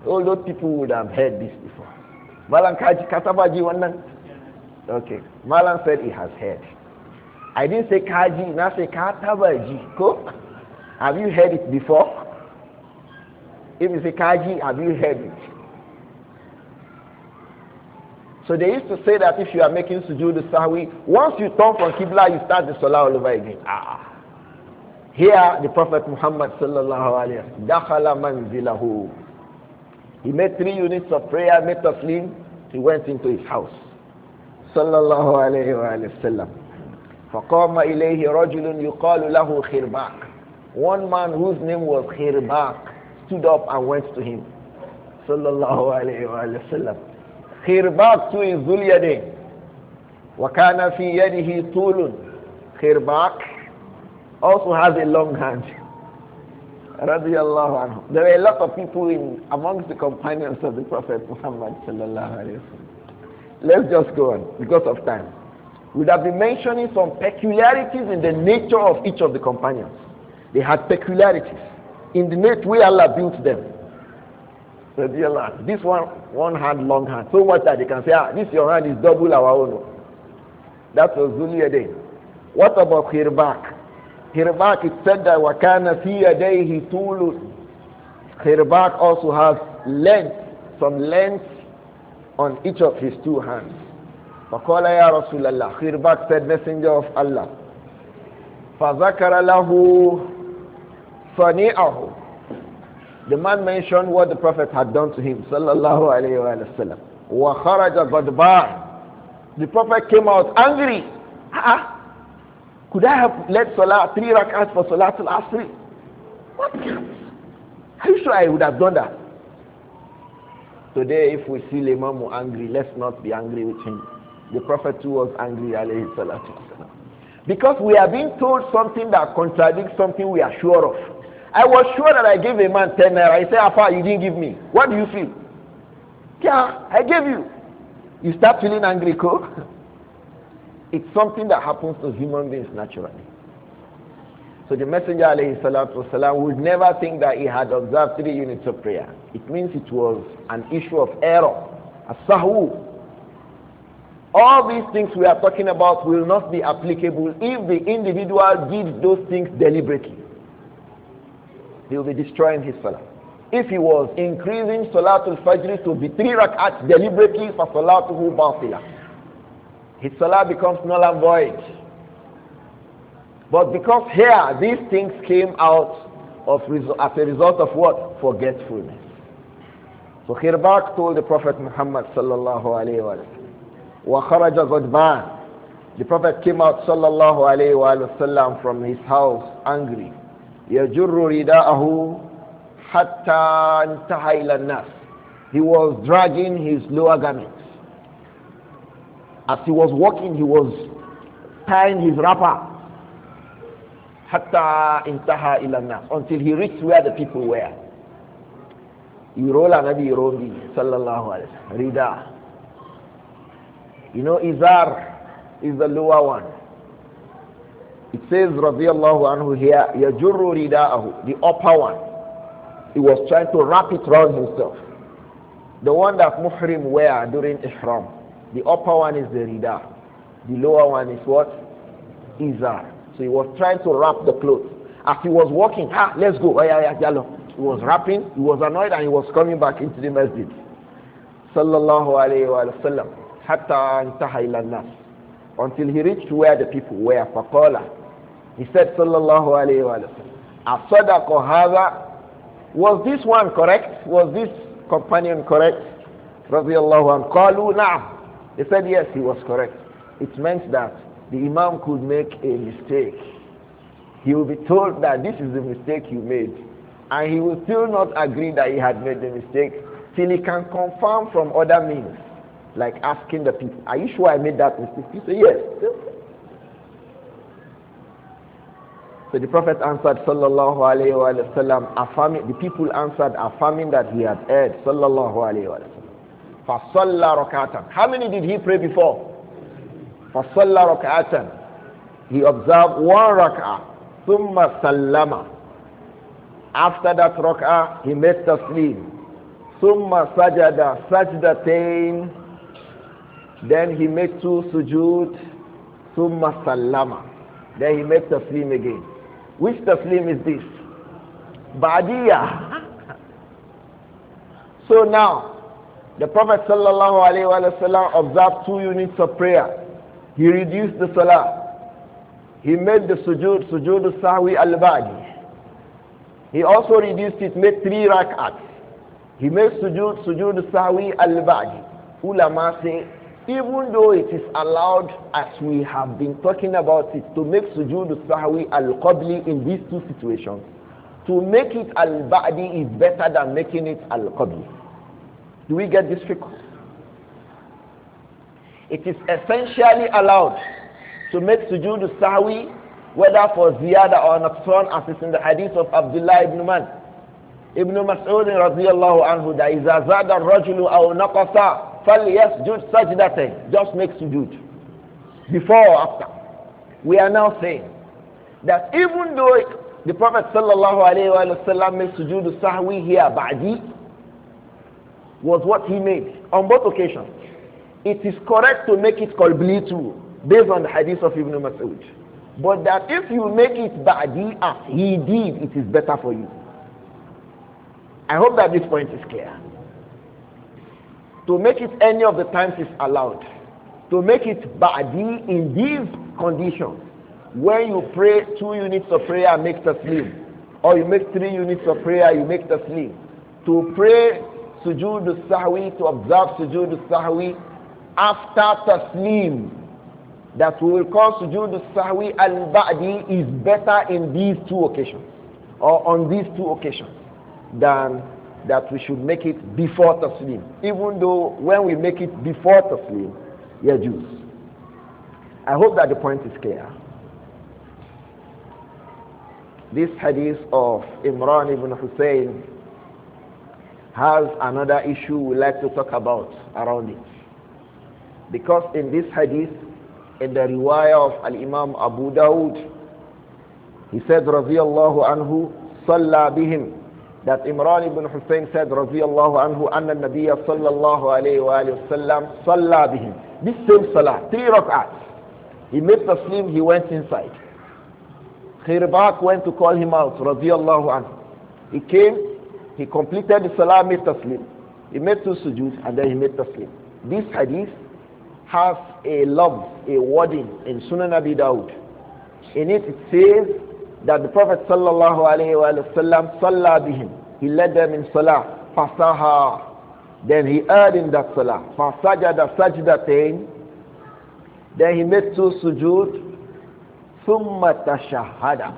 All those people would have heard this before. Malam Kaji Katabaji wannan? Okay. Malam said he has heard. I didn't say Kaji, now say Katabaji. Ko? Have you heard it before? If you say Kaji, have you heard it? So they used to say that if you are making sujood sahwi, once you turn from Qibla, you start the salah all over again. Ah. Here, the Prophet Muhammad sallallahu alayhi wasallam. sallam, manzilahu. He made three units of prayer, made taslim, he went into his house صلى الله عليه وآله وسلم فقام إليه رجل يقال له خرباق one man whose name was خرباق stood up and went to him صلى الله عليه وآله وسلم خرباق to his ذو اليدين وكان في يده طول خرباق also has a long hand radiallahu anhu. There were a lot of people in amongst the companions of the Prophet Muhammad sallallahu alayhi wa Let's just go on because of time. We'd have been mentioning some peculiarities in the nature of each of the companions. They had peculiarities in the nature way Allah built them. Radiallahu anhu. This one, one hand, long hand. So much that they can say, ah, this your hand is double our own. That was Zuliyadeh. What about Khirbak? Hirbak is said that وَكَانَ فِي يَدَيْهِ طُولٌ Khirbaq also has length, some length on each of his two hands. فَقَالَ يَا رَسُولَ اللَّهِ Khirbaq said, Messenger of Allah. فَذَكَرَ لَهُ صَنِيعَهُ The man mentioned what the Prophet had done to him, sallallahu alayhi wa sallam. وَخَرَجَ غَضْبَانِ The Prophet came out angry. Ah, ah. Could I have led Salah three rak'ahs for Salah last Asr? What counts? Are you sure I would have done that? Today, if we see Imam angry, let's not be angry with him. The Prophet too was angry, alayhi salatu Because we are being told something that contradicts something we are sure of. I was sure that I gave a man 10 naira. He said, Afa, you didn't give me. What do you feel? Yeah, I gave you. You start feeling angry, cook. It's something that happens to human beings naturally. So the Messenger alayhi would never think that he had observed three units of prayer. It means it was an issue of error, a sahu. All these things we are talking about will not be applicable if the individual did those things deliberately. He will be destroying his salah. If he was increasing salatul fajr to be three rak'at deliberately for salatuhu batila, his salah becomes null and void. But because here these things came out of as a result of what? Forgetfulness. So Khirbak told the Prophet Muhammad sallallahu alayhi wa وَخَرَجَ غُدْبَانِ The Prophet came out sallallahu alayhi wa sallam from his house angry. يَجُرُّ رِدَاءَهُ حَتَّى انْتَهَى إِلَى النَّاسِ He was dragging his lower garment as he was walking, he was tying his wrapper. Hatta intaha ilana. Until he reached where the people were. Irola Nabi Irondi, sallallahu alaihi wa Rida. You know, Izar is the lower one. It says, radiallahu anhu here, Yajurru Rida'ahu, the upper one. He was trying to wrap it around himself. The one that Muhrim wear during Ihram. The upper one is the rida. The lower one is what? Izar. So he was trying to wrap the clothes. As he was walking, ah, let's go. Oh, yeah, yeah, He was wrapping, he was annoyed, and he was coming back into the masjid. Sallallahu alayhi wa sallam. Hatta nas. Until he reached where the people were. Faqala. He said, Sallallahu alayhi wa sallam. Asadaqa hadha. Was this one correct? Was this companion correct? رضي الله عنه قالوا نعم they said, yes, he was correct. It meant that the Imam could make a mistake. He will be told that this is the mistake you made. And he will still not agree that he had made the mistake till he can confirm from other means, like asking the people, are you sure I made that mistake? He said, yes. So the Prophet answered, sallallahu alaihi wasallam, affirming, the people answered, affirming that he had erred, sallallahu alaihi wasallam. Fasalla rakatan. How many did he pray before? Fasalla rakatan. He observed one rak'ah. Thumma sallama. After that rak'ah, he made taslim. Thumma sajada sajdatain. Then he made two sujud. Thumma sallama. Then he made taslim again. Which taslim is this? Badiyah. So now, the Prophet ﷺ observed two units of prayer. He reduced the salah. He made the sujud sujud sahwi al-badi. He also reduced it, made three rak'ats. He made sujud sujud sahwi al-badi. Ulama say, even though it is allowed, as we have been talking about it, to make sujud sahwi al-qabli in these two situations, to make it al-badi is better than making it al-qabli. Do we get this frequency? It is essentially allowed to make sujood sahi, whether for ziyada or naqsan as is in the hadith of Abdullah ibn Man. Ibn Mas'ud radiyallahu anhu that إذا زاد الرجل أو نقص فليسجد thing, Just make sujood. Before or after. We are now saying that even though the Prophet sallallahu alayhi wa sallam makes sujood sahwi here ba'di, was what he made on both occasions. It is correct to make it qalbli too, based on the hadith of Ibn Mas'ud. But that if you make it ba'di as he did, it is better for you. I hope that this point is clear. To make it any of the times is allowed. To make it ba'di in these conditions, when you pray two units of prayer, make taslim. Or you make three units of prayer, you make taslim. To pray sujood sahwi to observe sujood sahwi after taslim that we will call sujood sahwi al-ba'di is better in these two occasions or on these two occasions than that we should make it before taslim even though when we make it before taslim yeah jews i hope that the point is clear this hadith of imran ibn hussein has another issue we like to talk about around it. Because in this hadith, in the riwayah of Al-Imam Abu Dawud, he said, radiyallahu anhu, صلى بهم that Imran ibn Hussein said اللَّهُ anhu أَنَّ النَّبِيَّ sallallahu alayhi wa وَآلِهِ wasallam صَلَّى بِهِمْ this same salah three rak'ats he made taslim he went inside Khirbak went to call him out اللَّهُ anhu he came he completed the salah, made taslim. He made two sujood and then he made taslim. This hadith has a love, a wording in Sunan Abi Dawud. In it, it says that the Prophet sallallahu alayhi wa sallam salah bihim. He led them in salah, fasaha. Then he heard in that salah, fasajada sajdatain. Then he made two sujood, thumma tashahada.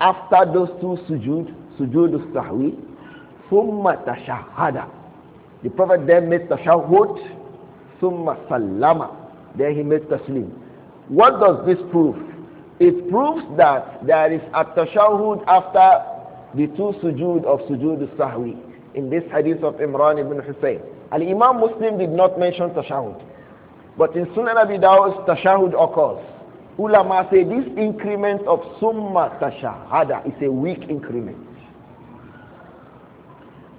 After those two sujood, sujood tahwi. Summa tashahada. The Prophet then made tashahud. Summa salama. Then he made taslim. What does this prove? It proves that there is a tashahud after the two sujood of sujood sahwi in this hadith of Imran ibn Hussein. Al-Imam Muslim did not mention tashahud. But in Sunan Abi Dawud, tashahud occurs. Ulama say this increment of summa tashahada is a weak increment.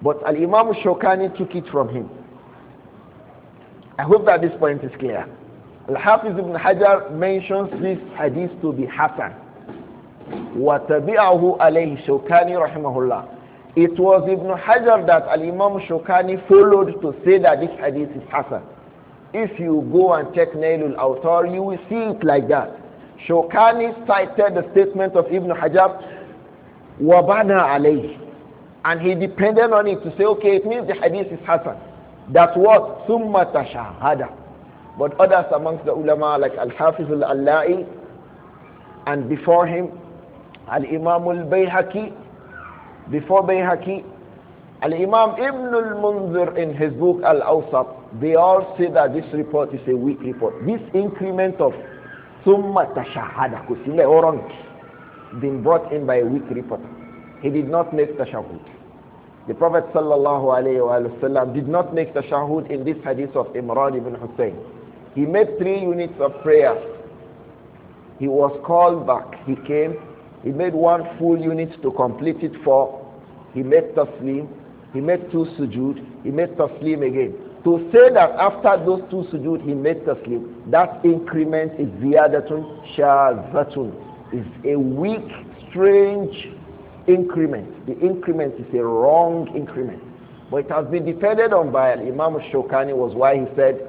But Al-Imam Shokani took it from him. I hope that this point is clear. Al-Hafiz ibn Hajar mentions this hadith to be Hassan. وَتَبِعَهُ عَلَيْهِ شَوْكَانِ رَحِمَهُ اللَّهِ It was Ibn Hajar that Al-Imam Shokani followed to say that this hadith is Hassan. If you go and check Nailul Awtar, you will see it like that. Shokani cited the statement of Ibn Hajar, وَبَنَى عَلَيْهِ and he depended on it to say, okay, it means the hadith is Hassan. That's what? Summa tashahada. But others amongst the ulama like Al-Hafiz al-Allai and before him, Al-Imam al-Bayhaqi, before Bayhaqi, Al-Imam Ibn al-Munzir in his book Al-Awsat, they all say that this report is a weak report. This increment of summa tashahada, kusile orange, been brought in by a weak reporter. He did not make tashahud. The Prophet ﷺ did not make tashahud in this hadith of Imran ibn Hussein. He made three units of prayer. He was called back. He came. He made one full unit to complete it for. He made taslim. He made two sujud. He made taslim again. To say that after those two sujud he made taslim, that increment is ziyadatun shazatun. Is a weak, strange increment. The increment is a wrong increment. But it has been depended on by Imam Shokani was why he said,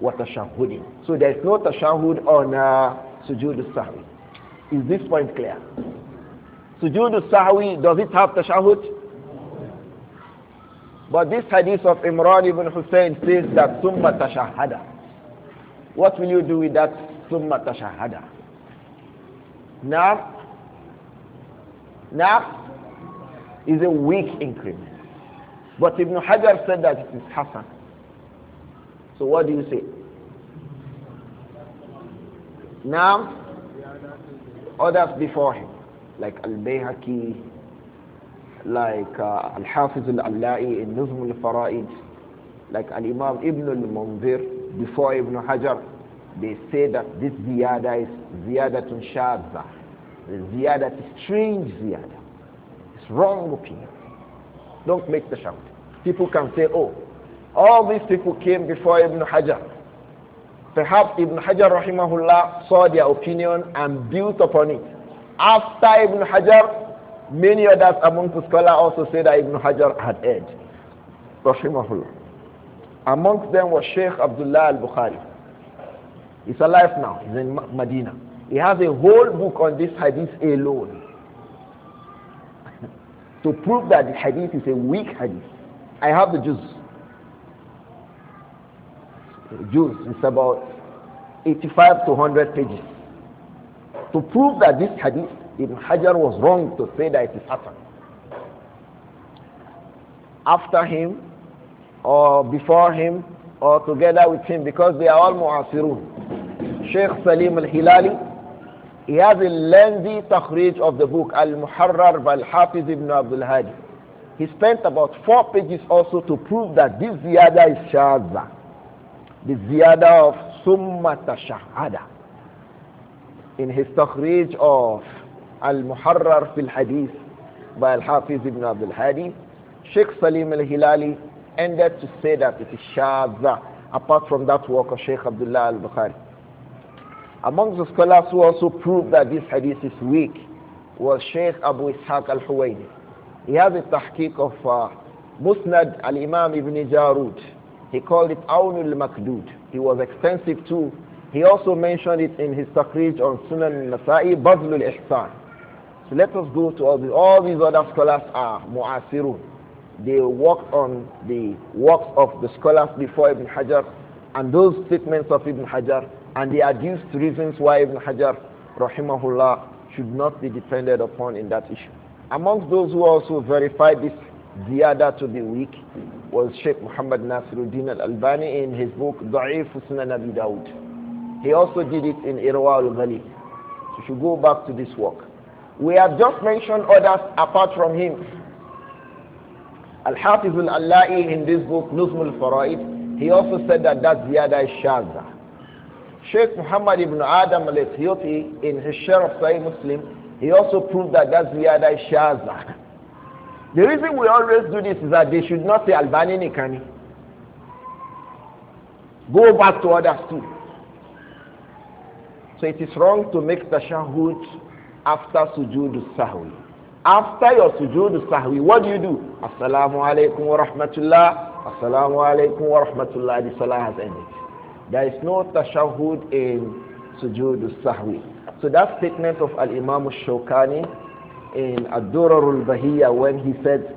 what a tashahudin. So there is no tashahud on uh, sujood sahwi. Is this point clear? Sujood sahwi, does it have tashahud? But this hadith of Imran ibn Hussein says that summa tashahada. What will you do with that summa tashahada? Now, now is a weak increment. But Ibn Hajar said that it is Hassan. So what do you say? Now, others before him, like Al-Bayhaqi, like uh, Al-Hafiz Al-Allai, in Nizm Al-Fara'id, like Al-Imam Ibn Al-Munzir, before Ibn Hajar, they say that this ziyada is ziyadatun shadza. The ziyadat is strange ziyada. It's wrong opinion. Don't make the shout. People can say, oh, all these people came before Ibn Hajar. Perhaps Ibn Hajar rahimahullah saw their opinion and built upon it. After Ibn Hajar, many others among the scholars also say that Ibn Hajar had erred. Rahimahullah. Amongst them was Sheikh Abdullah al-Bukhari. He's alive now. He's in Medina. He has a whole book on this hadith alone to prove that the hadith is a weak hadith. I have the Jews. Jews is about 85 to 100 pages. To prove that this hadith, Ibn Hajar was wrong to say that it is Hassan. After him, or before him, or together with him, because they are all Mu'asirun. Sheikh Salim al-Hilali he has a lengthy takhrij of the book Al-Muharrar by Al-Hafiz ibn Abdul Hadi. He spent about four pages also to prove that this ziyada is shahada. The ziyada of summa tashahada. In his takhrij of Al-Muharrar fil Hadith by Al-Hafiz ibn Abdul Hadi, Sheikh Salim al-Hilali ended to say that it is shahada apart from that work of Sheikh Abdullah al-Bukhari. Amongst the scholars who also proved that this hadith is weak was Sheikh Abu Ishaq al-Huwaini. He has a tahqiq of uh, Musnad al-Imam ibn Jarud. He called it Awnul Makdud. He was extensive too. He also mentioned it in his taqrij on Sunan al-Nasa'i, Badlul Ihsan. So let us go to all these. All these other scholars are Mu'asirun. They worked on the works of the scholars before Ibn Hajar and those statements of Ibn Hajar and they adduced reasons why Ibn Hajar, rahimahullah, should not be depended upon in that issue. Amongst those who also verified this ziyada to be weak was Sheikh Muhammad Nasiruddin al-Albani in his book Da'if Sunan Abi Dawud. He also did it in Irwa al-Ghali. So you should go back to this work. We have just mentioned others apart from him. Al-Hafiz al-Allai in this book Nuzm al-Fara'id, he also said that that ziyada is shazah. Sheikh Muhammad ibn Adam al Ethiopi, in his share of Sahih Muslim, he also proved that that's Ziyada Shaza. The reason we always do this is that they should not say Albani Nikani. Go back to others too. So it is wrong to make tashahud after sujood sahwi. After your sujood sahwi, what do you do? Assalamu alaikum wa rahmatullah. Assalamu alaikum wa rahmatullah. The salah has ended. There is no tashahud in sujood al-sahwi. So that statement of Al-Imam shawkani in Ad-Durar al-Bahiyya when he said,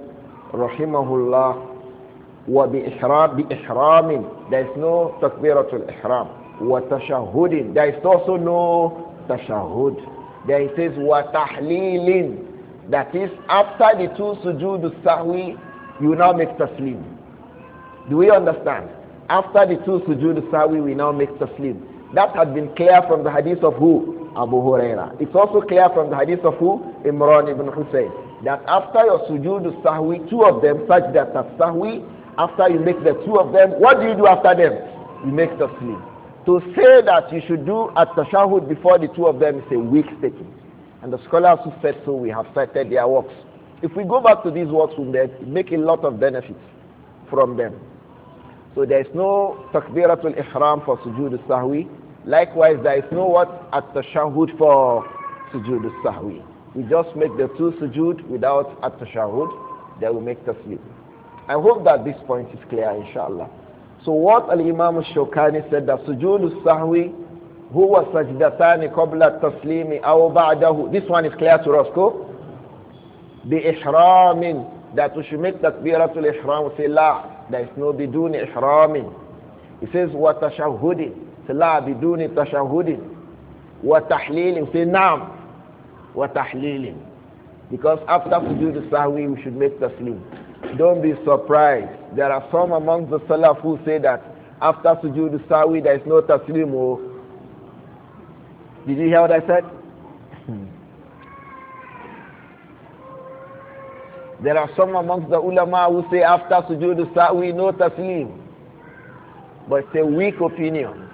Rahimahullah, wa bi bi بإحرام there is no تكبيرة wa وتشهد there is also no تشهد there it says وتحليل that is after the two sujood sahwi you now make taslim do we understand after the two sujood sawi, we now make taslim. That had been clear from the hadith of who? Abu Huraira. It's also clear from the hadith of who? Imran ibn Hussein. That after your sujood sahwi, two of them, such that sahwi, after you make the two of them, what do you do after them? You make taslim. To say that you should do at tashahud before the two of them is a weak statement. And the scholars who said so, we have cited their works. If we go back to these works, we make a lot of benefits from them. So there is no takbiratul ihram for sujood sahwi. Likewise, there is no what at-tashahhud for sujood sahwi. We just make the two sujood without at-tashahhud, then we make taslim. I hope that this point is clear, inshallah. So what Al-Imam Shokani said that sujood sahwi huwa sajdatan qabla taslimi aw ba'dahu. This one is clear to us, The Bi ihramin that we should make takbiratul ihram say there is no bidun ihramin. He says, watashahudin. Say, la bidun What Watahlilin. Say, naam. Watahlilin. Because after we do the sahwi, we should make taslim. Don't be surprised. There are some among the salaf who say that after sujood sahwi, there is no taslim. Oh. Did you hear what I said? There are some amongst the ulama who say after sujood sahwi no taslim. But it's a weak opinion.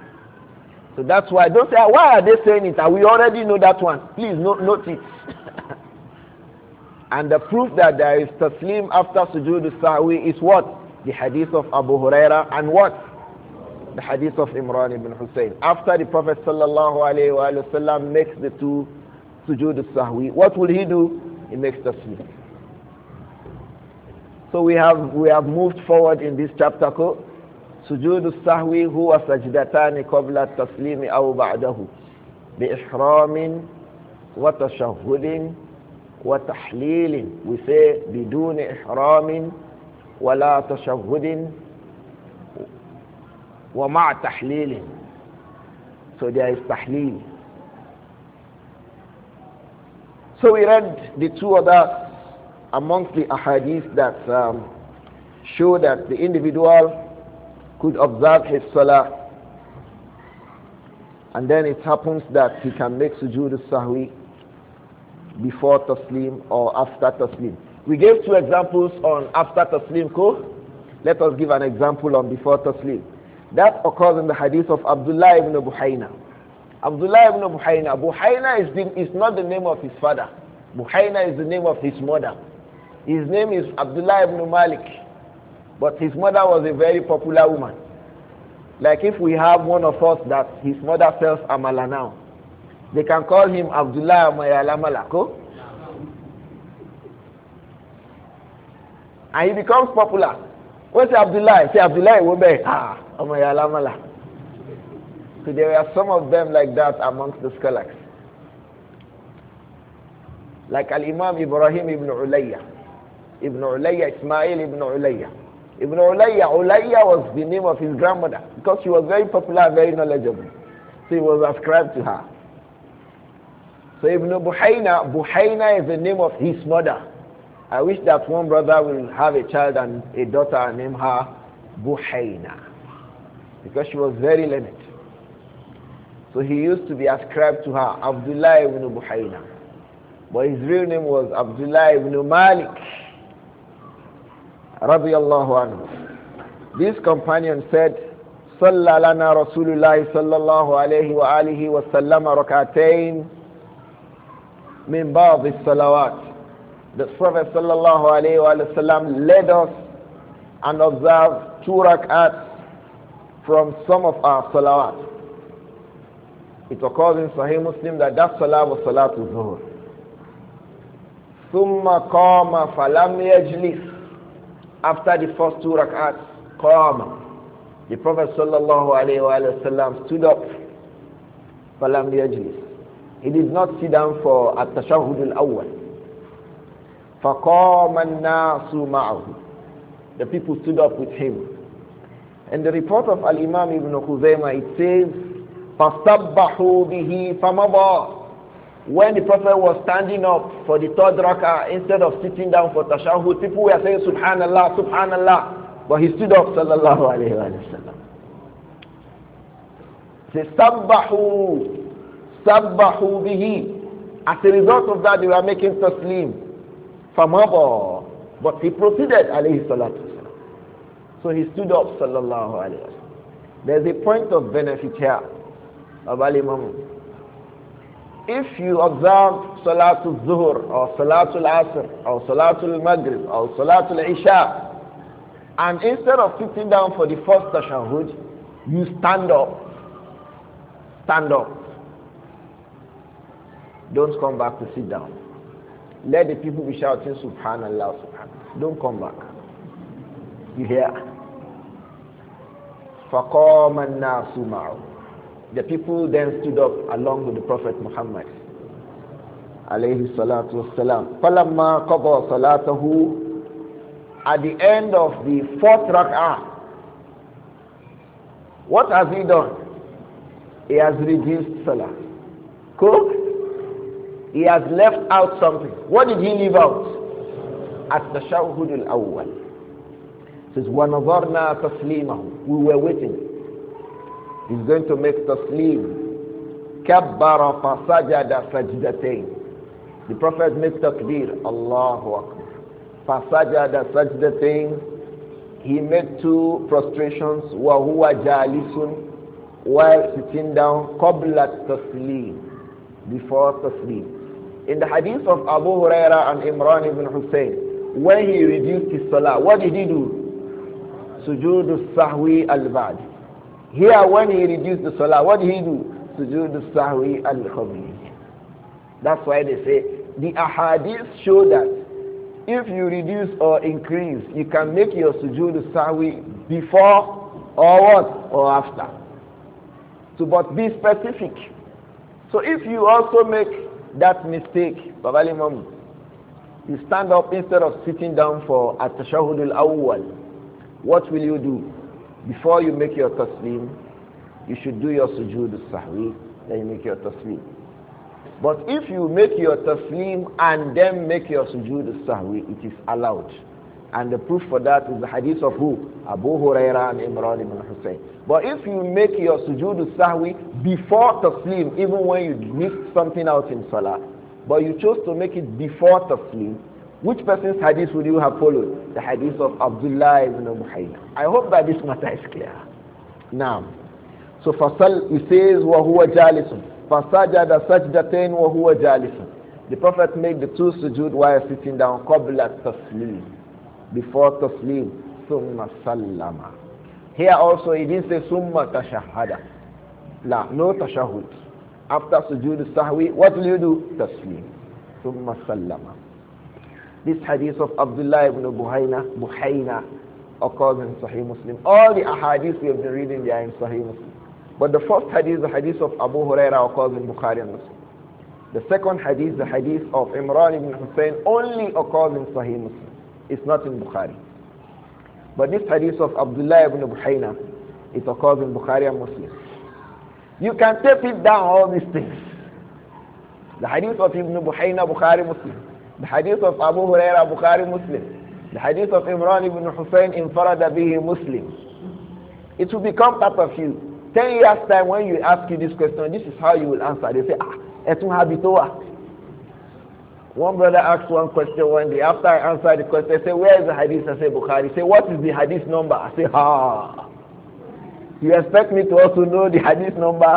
So that's why don't say why are they saying it? We already know that one. Please note note it. and the proof that there is taslim after sujood sahwi is what? The hadith of Abu Huraira and what? The hadith of Imran ibn Hussein. After the Prophet sallallahu alaihi wasallam makes the two sujood sahwi, what will he do? He makes taslim. So we have we have moved forward in this chapter called سجود السهو هو سجدتان قبل التسليم أو بعده بإحرام وتشهد وتحليل we say بدون إحرام ولا تشهد ومع تحليل so there is تحليل so we read the two others amongst the ahadith that um, show that the individual could observe his salah and then it happens that he can make sujood sahwi before taslim or after taslim. We gave two examples on after taslim ko. Let us give an example on before taslim. That occurs in the hadith of Abdullah ibn Buhayna. Abdullah ibn Buhayna. Buhayna is, the, is not the name of his father. Buhayna is the name of his mother. His name is Abdullah ibn Malik. But his mother was a very popular woman. Like if we have one of us that his mother sells Amala now, they can call him Abdullah Amalamalako. And he becomes popular. What's Abdullah? Say Abdullah Wobe, Ah, Amayalamala. So there are some of them like that amongst the scholars. Like Al-Imam Ibrahim ibn Ulayya. Ibn Ulayya, Ismail Ibn Ulayya. Ibn Ulayya, Ulayya was the name of his grandmother because she was very popular, very knowledgeable. So he was ascribed to her. So Ibn Buhayna, Buhayna is the name of his mother. I wish that one brother will have a child and a daughter and name her Buhayna because she was very learned. So he used to be ascribed to her, Abdullah ibn Buhayna. But his real name was Abdullah ibn Malik radiallahu anhu. This companion said, Salla lana Rasulullah sallallahu alayhi wa alihi wa sallama rakatain min ba'di salawat. The Prophet sallallahu alayhi wa sallam led us and observed two rak'ats from some of our salawat. It occurs in Sahih Muslim that that salah was salatul zuhur. ثم قام فلم after the first two rak'ats qama the prophet sallallahu alaihi wasallam stood up falam yajlis he did not sit down for at-tashahhud al-awwal faqama an-nasu ma'ahu the people stood up with him and the report of al-imam ibn khuzaimah it says fastabbahu bihi famada when the Prophet was standing up for the third instead of sitting down for tashahud, people were saying, Subhanallah, Subhanallah. But he stood up, sallallahu alaihi wasallam. sallam. Say, Sabbahu, Sabbahu bihi. As a result of that, they were making taslim. Famaba. But he proceeded, alayhi salatu So he stood up, sallallahu alaihi wasallam. There's a point of benefit here of Ali imam if you observe Salatul Zuhur or Salatul Asr or Salatul Maghrib or Salatul Isha and instead of sitting down for the first tashahhud, you stand up. Stand up. Don't come back to sit down. Let the people be shouting Subhanallah, Subhanallah. Don't come back. You hear? فقام الناس معه the people then stood up along with the Prophet Muhammad. Alayhi salatu wassalam. Falamma qadha salatahu at the end of the fourth rak'ah. What has he done? He has reduced salah. Cook? He has left out something. What did he leave out? At the shahud al-awwal. Says, وَنَظَرْنَا taslimah. We were waiting is going to make taslim. Kabbara fasajada sajdatain. The Prophet makes takbir. Allahu Akbar. Fasajada sajdatain. He made two prostrations. Wa huwa jalisun. While sitting down. Qabla taslim. Before taslim. In the hadith of Abu Huraira and Imran ibn Hussein, when he reduced his salah, what did he do? Sujood al-sahwi al-badi here, when he reduced the salah, what did he do? Sujood sahwi al khawmi. That's why they say the ahadith show that if you reduce or increase, you can make your sujood sahwi before or what or after. So, but be specific. So, if you also make that mistake, Babali Mamu, you stand up instead of sitting down for at-tashahud awwal what will you do? Before you make your taslim, you should do your sujood sahwi, then you make your taslim. But if you make your taslim and then make your sujood sahwi, it is allowed. And the proof for that is the hadith of who? Abu Huraira and Imran ibn Hussein. But if you make your sujood sahwi before taslim, even when you missed something out in salah, but you chose to make it before taslim, which person's hadith would you have followed? The hadith of Abdullah ibn Muhayyid. I hope that this matter is clear. Now, so Fasal, he says, وَهُوَ جَالِسٌ فَسَجَدَ سَجْدَتَيْنِ وَهُوَ جَالِسٌ The Prophet made the two sujood while sitting down, قَبْلَ تَسْلِيم Before taslim, ثُمَّ سَلَّمَ Here also, he didn't say La, no tashahud. After sujood sahwi, what will you do? Taslim. ثُمَّ سَلَّمَ this hadith of Abdullah ibn Buhayna, Buhayna occurs in Sahih Muslim. All the ahadith we have been reading, there are in Sahih Muslim. But the first hadith, the hadith of Abu Huraira occurs in Bukhari and Muslim. The second hadith, the hadith of Imran ibn Hussein, only occurs in Sahih Muslim. It's not in Bukhari. But this hadith of Abdullah ibn Buhayna, it occurs in Bukhari and Muslim. You can tape it down all these things. The hadith of Ibn Buhayna, Bukhari, Muslim. The hadith of Abu Huraira, Bukhari, Muslim. The hadith of Imran ibn Hussein, Infarada bihi Muslim. It will become part of you. Ten years time when you ask you this question, this is how you will answer. They say, ah, etun habitoa. One brother asked one question one day. After I answered the question, I say, where is the hadith? I say Bukhari. He say what is the hadith number? I say, "Ha." You expect me to also know the hadith number?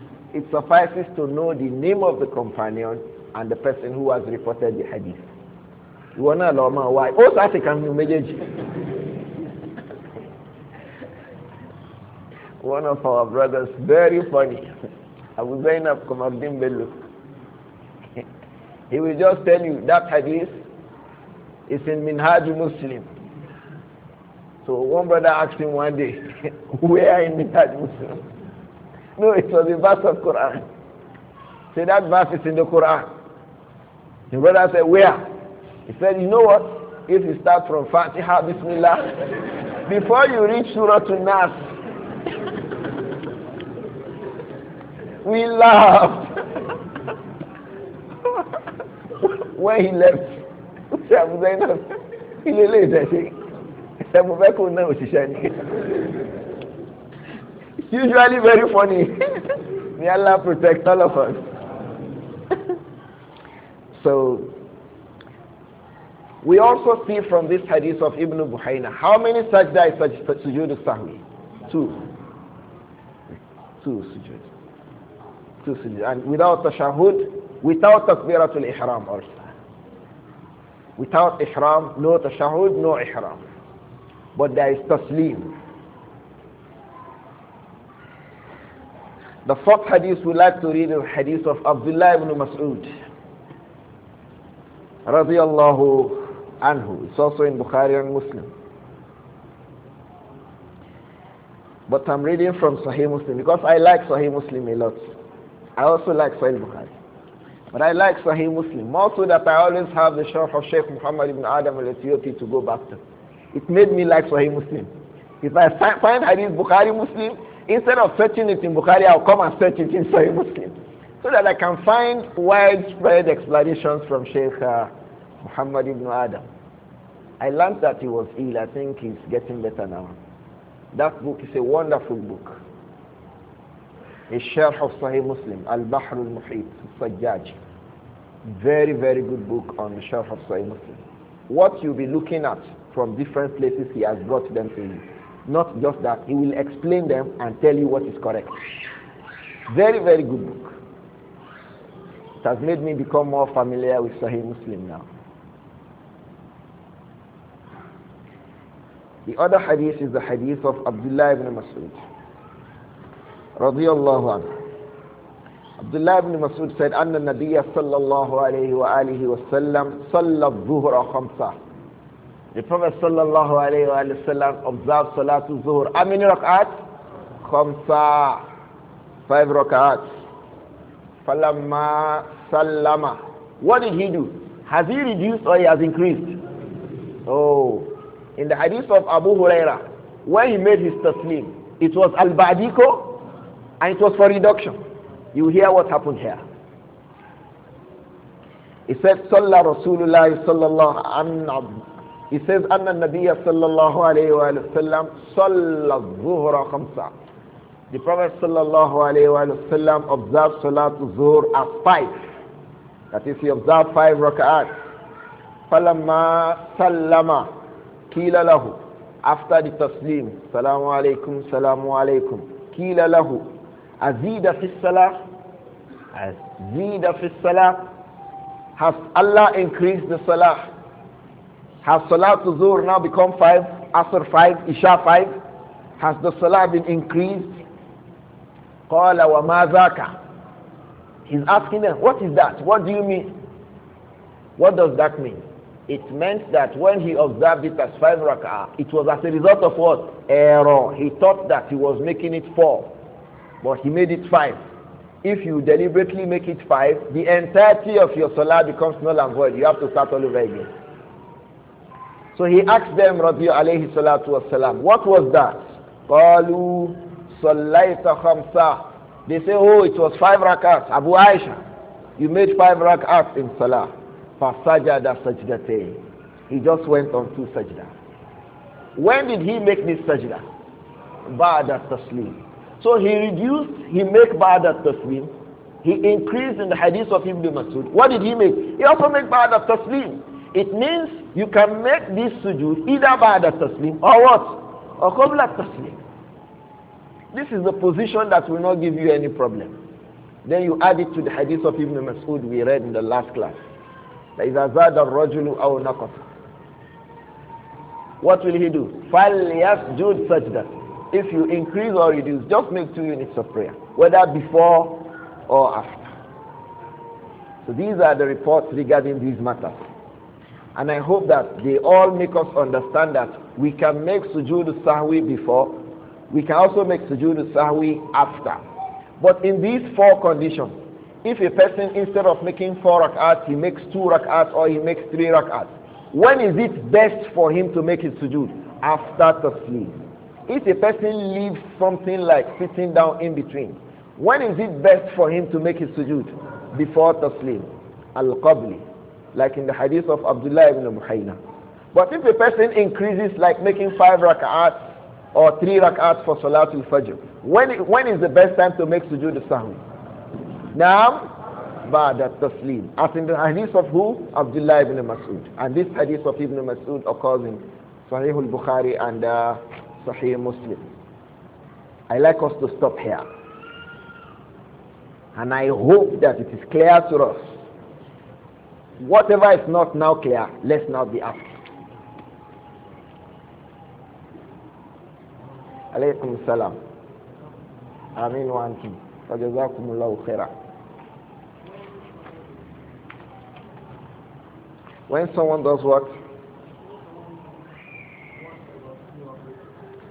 it suffices to know the name of the companion and the person who has reported the hadith You wanna máa wá Oh, sáàtì kan nínú méjèèjì one of our brothers very funny abu zainab komardin bello he will just tell you that hadith is in minhaj muslim so one brother asked him one day where in minhaj muslim no it was a verse of quran say that verse is in the quran the brother said, where? He said, you know what? If you start from Fatiha, Bismillah, before you reach Surah to Nas, we laughed. when he left, Abu Zainab, he lay ẹmu bẹ́kù náà it's usually very funny may Allah protect all of us so we also see from this hadith of Ibn Buhayna how many sajda is such sujood sahwi? Two. Two sujood. Two sujood. And without tashahud, without takbiratul ihram also. Without ihram, no tashahud, no ihram. But there is taslim. The fourth hadith we like to read is hadith of Abdullah ibn Mas'ud radiallahu anhu. It's also in Bukhari and Muslim. But I'm reading from Sahih Muslim because I like Sahih Muslim a lot. I also like Sahih Bukhari. But I like Sahih Muslim. More so that I always have the Sharh of Sheikh Muhammad ibn Adam al-Ethiopi to go back to. It made me like Sahih Muslim. If I find Hadith Bukhari Muslim, instead of searching it in Bukhari, I'll come and search it in Sahih Muslim. So that I can find widespread explanations from Sheikh uh, Muhammad ibn Adam. I learned that he was ill. I think he's getting better now. That book is a wonderful book. A Sharh of Sahih Muslim, Al-Bahr al-Muhit, Sajjaj. Very, very good book on the Sharh of Sahih Muslim. What you'll be looking at from different places he has brought them to you. Not just that, he will explain them and tell you what is correct. Very, very good book. It has made me become more familiar with Sahih Muslim now. The other hadith is the hadith of Abdullah ibn Mas'ud. Radiallahu anhu. Abdullah ibn Mas'ud said, أن النبي صلى الله عليه وآله وسلم صلى الظهر خمسة. The Prophet صلى الله عليه وآله وسلم observed صلاة الظهر. How many rak'at? خمسة. Five rak'at. فلما سلم. What did he do? Has he reduced or he has increased? Oh. In the hadith of Abu Huraira, when he made his taslim, it was al-ba'diko and it was for reduction. You hear what happened here. He said, Sallallahu Rasulullah sallallahu anna. He says, Anna Nabiya sallallahu alayhi wa sallam, Sallallahu zuhra khamsa. The Prophet sallallahu alayhi wa sallam observed Salatul Zuhr as five. That is, he observed five rak'at. فَلَمَّا سَلَّمَا Kila lahu. After the taslim, salamu alaykum, salamu alaykum. Kila lahu. Azida fi salah. Azida fi salah. Has Allah increased the salah? Has to zuhr now become five? Asr five? Isha five? Has the salah been increased? wa ma zaka. He's asking them, what is that? What do you mean? What does that mean? it meant that when he observed it as five rak'ah, it was as a result of what? Error. He thought that he was making it four, but he made it five. If you deliberately make it five, the entirety of your salah becomes null and void. You have to start all over again. So he asked them, Rabbi alayhi salatu wasalam, what was that? Qalu sallaita khamsa. They say, oh, it was five rak'ahs. Abu Aisha, you made five rak'ahs in salah. فَسَجَدَ سَجْدَتَيْنِ He just went on to sajda. When did he make this sajda? Ba'da taslim. So he reduced, he make Ba'da taslim. He increased in the hadith of Ibn Masud. What did he make? He also make Ba'da taslim. It means you can make this sujood either Ba'da taslim or what? Or Qabla taslim. This is the position that will not give you any problem. Then you add it to the hadith of Ibn Masud we read in the last class. إذا زاد الرجل أو نقص what will he do فليسجد سجدة if you increase or reduce just make two units of prayer whether before or after so these are the reports regarding these matters and I hope that they all make us understand that we can make sujood sahwi before we can also make sujood sahwi after but in these four conditions if a person, instead of making four rak'ats, he makes two rak'ats or he makes three rak'ats, when is it best for him to make his sujood? After sleep? If a person leaves something like sitting down in between, when is it best for him to make his sujood? Before sleep, Al-qabli. Like in the hadith of Abdullah ibn Buhayna. But if a person increases like making five rak'ats or three rak'ats for Salatul Fajr, when, when is the best time to make sujood sahwi? Naam Ba'da Taslim. As in the hadith of who? Abdullah ibn Mas'ud. And this hadith of Ibn Mas'ud occurs in Sahih al-Bukhari and uh, Sahih Muslim. I like us to stop here. And I hope that it is clear to us. Whatever is not now clear, let's now be asked. Alaykum salam. Amin wa فجزاكم الله خيرا when someone does what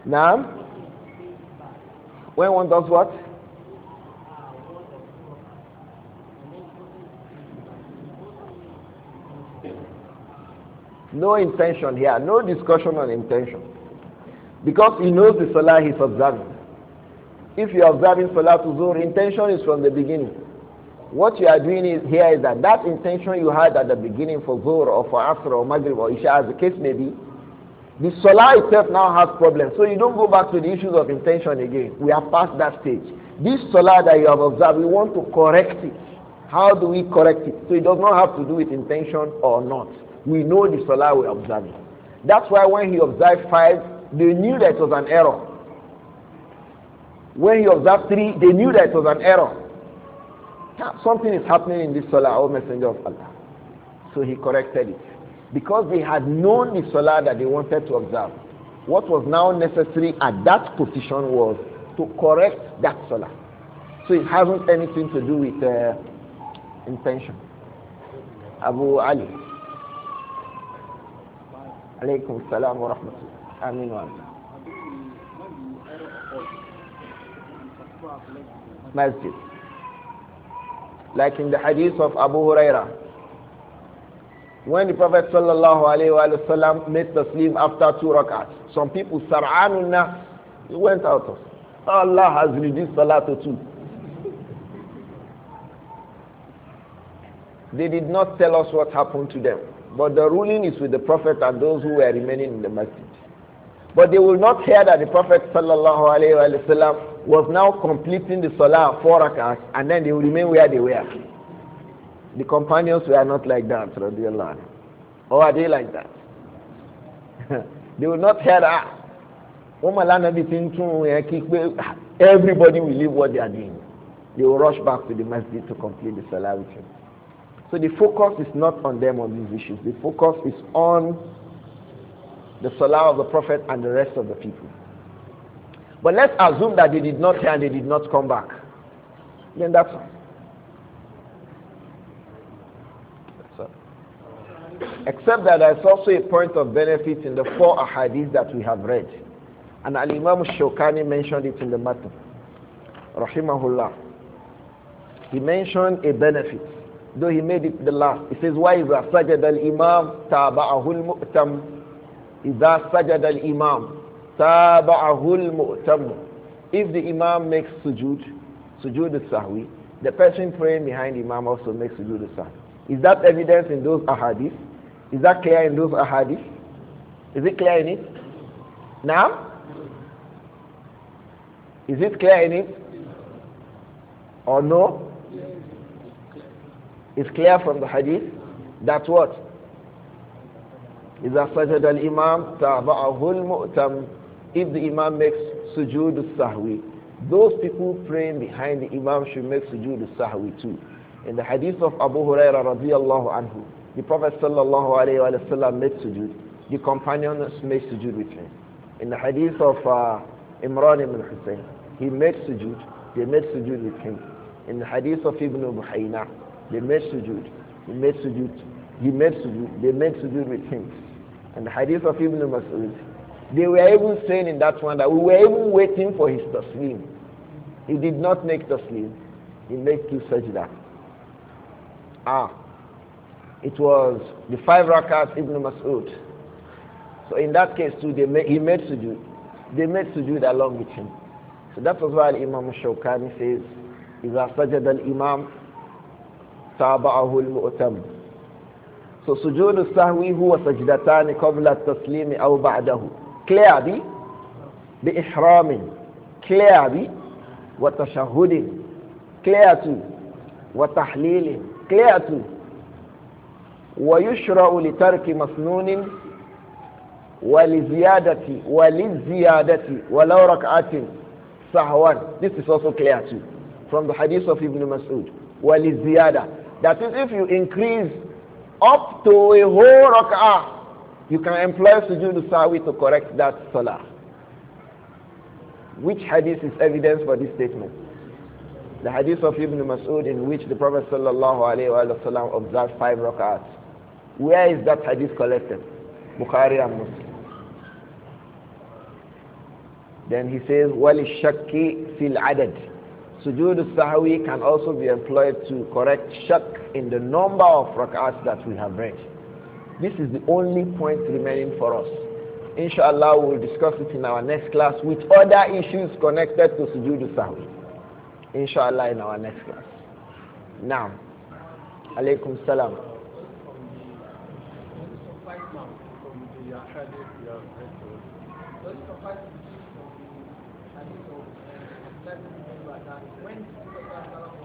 now when one does what no intention here no discussion on intention because he knows the salah he's observing if you are observing Salatul Zuhr, intention is from the beginning. What you are doing is, here is that that intention you had at the beginning for Zuhr or for Asr or Maghrib or Isha as the case may be, the Salah itself now has problems. So you don't go back to the issues of intention again. We have passed that stage. This Salah that you have observed, we want to correct it. How do we correct it? So it does not have to do with intention or not. We know the Salah we're observing. That's why when he observed five, they knew that it was an error. When he observed three, they knew that it was an error. Something is happening in this Salah, oh, O Messenger of Allah. So he corrected it. Because they had known the Salah that they wanted to observe. What was now necessary at that position was to correct that Salah. So it hasn't anything to do with uh, intention. Abu Ali. Alaykum salam wa rahmatullah. Amin wa masjid. Like in the hadith of Abu Huraira. When the Prophet ﷺ made taslim after two Rakats, some people, sar'anun nas, went out of. Allah has reduced salah to two. They did not tell us what happened to them. But the ruling is with the Prophet and those who were remaining in the masjid. But they will not hear that the Prophet وسلم, was now completing the salah four rakas and then they will remain where they were. The companions were not like that, radiallahu Or are they like that? they will not hear that. Ah, everybody will leave what they are doing. They will rush back to the masjid to complete the salah with him. So the focus is not on them on these issues. The focus is on the salah of the Prophet and the rest of the people. But let's assume that they did not hear and they did not come back. Then that's Except that there's also a point of benefit in the four ahadith that we have read. And Al-Imam Shokani mentioned it in the matter. Rahimahullah. He mentioned a benefit, though he made it the last. He says, "Why وَإِذَا سَجَدَ الْإِمَامُ تَابَعَهُ الْمُؤْتَمُ إذا سجد الإمام تابعه المؤتم If the imam makes sujud, sujud sahwi the person praying behind the imam also makes sujud al-sahwi. Is that evidence in those ahadith? Is that clear in those ahadith? Is it clear in it? Now? Is it clear in it? Or no? It's clear from the hadith that what? إذا سجد الإمام تابعه المؤتم If the imam makes sujood sahwi, those people praying behind the imam should make sujood sahwi too. In the hadith of Abu Huraira radiallahu anhu, the Prophet sallallahu alayhi wa sallam made sujood. The companions made sujood with him. In the hadith of uh, Imran ibn Hussein, he made sujood. They made sujood with him. In the hadith of Ibn Buhayna, they made sujood. He made sujood. He made sujood. They made sujood with him and the hadith of Ibn Mas'ud, they were even saying in that one that we were even waiting for his taslim. He did not make taslim. He made two sajda. Ah. It was the five rakats Ibn Mas'ud. So in that case too, they made, he made sujood. They made sujood along with him. So that was why Imam Shawkani says, إذا سجد الإمام تابعه المؤتم So sujood sahwi huwa sajdatani qabla taslimi aw ba'dahu. بإحرام bi ihramin. Clearly wa tashahhudin. Clear to wa tahlilin. Clear to ويشرع لترك مسنون ولزيادة وللزيادة ولو ركعة sahwan this is also clear too from the hadith of ibn mas'ud waliziyada that is if you increase up to a whole rak'ah. You can employ sujood sawi to correct that salah. Which hadith is evidence for this statement? The hadith of Ibn Mas'ud in which the Prophet sallallahu observed five rak'ahs. Where is that hadith collected? Bukhari and Muslim. Then he says, وَلِشَّكِّ فِي الْعَدَدِ sujood sahwi can also be employed to correct shak in the number of rak'ahs that we have read. This is the only point remaining for us. Inshallah, we'll discuss it in our next class with other issues connected to sujood sahwi. Inshallah, in our next class. Now, alaikum salam.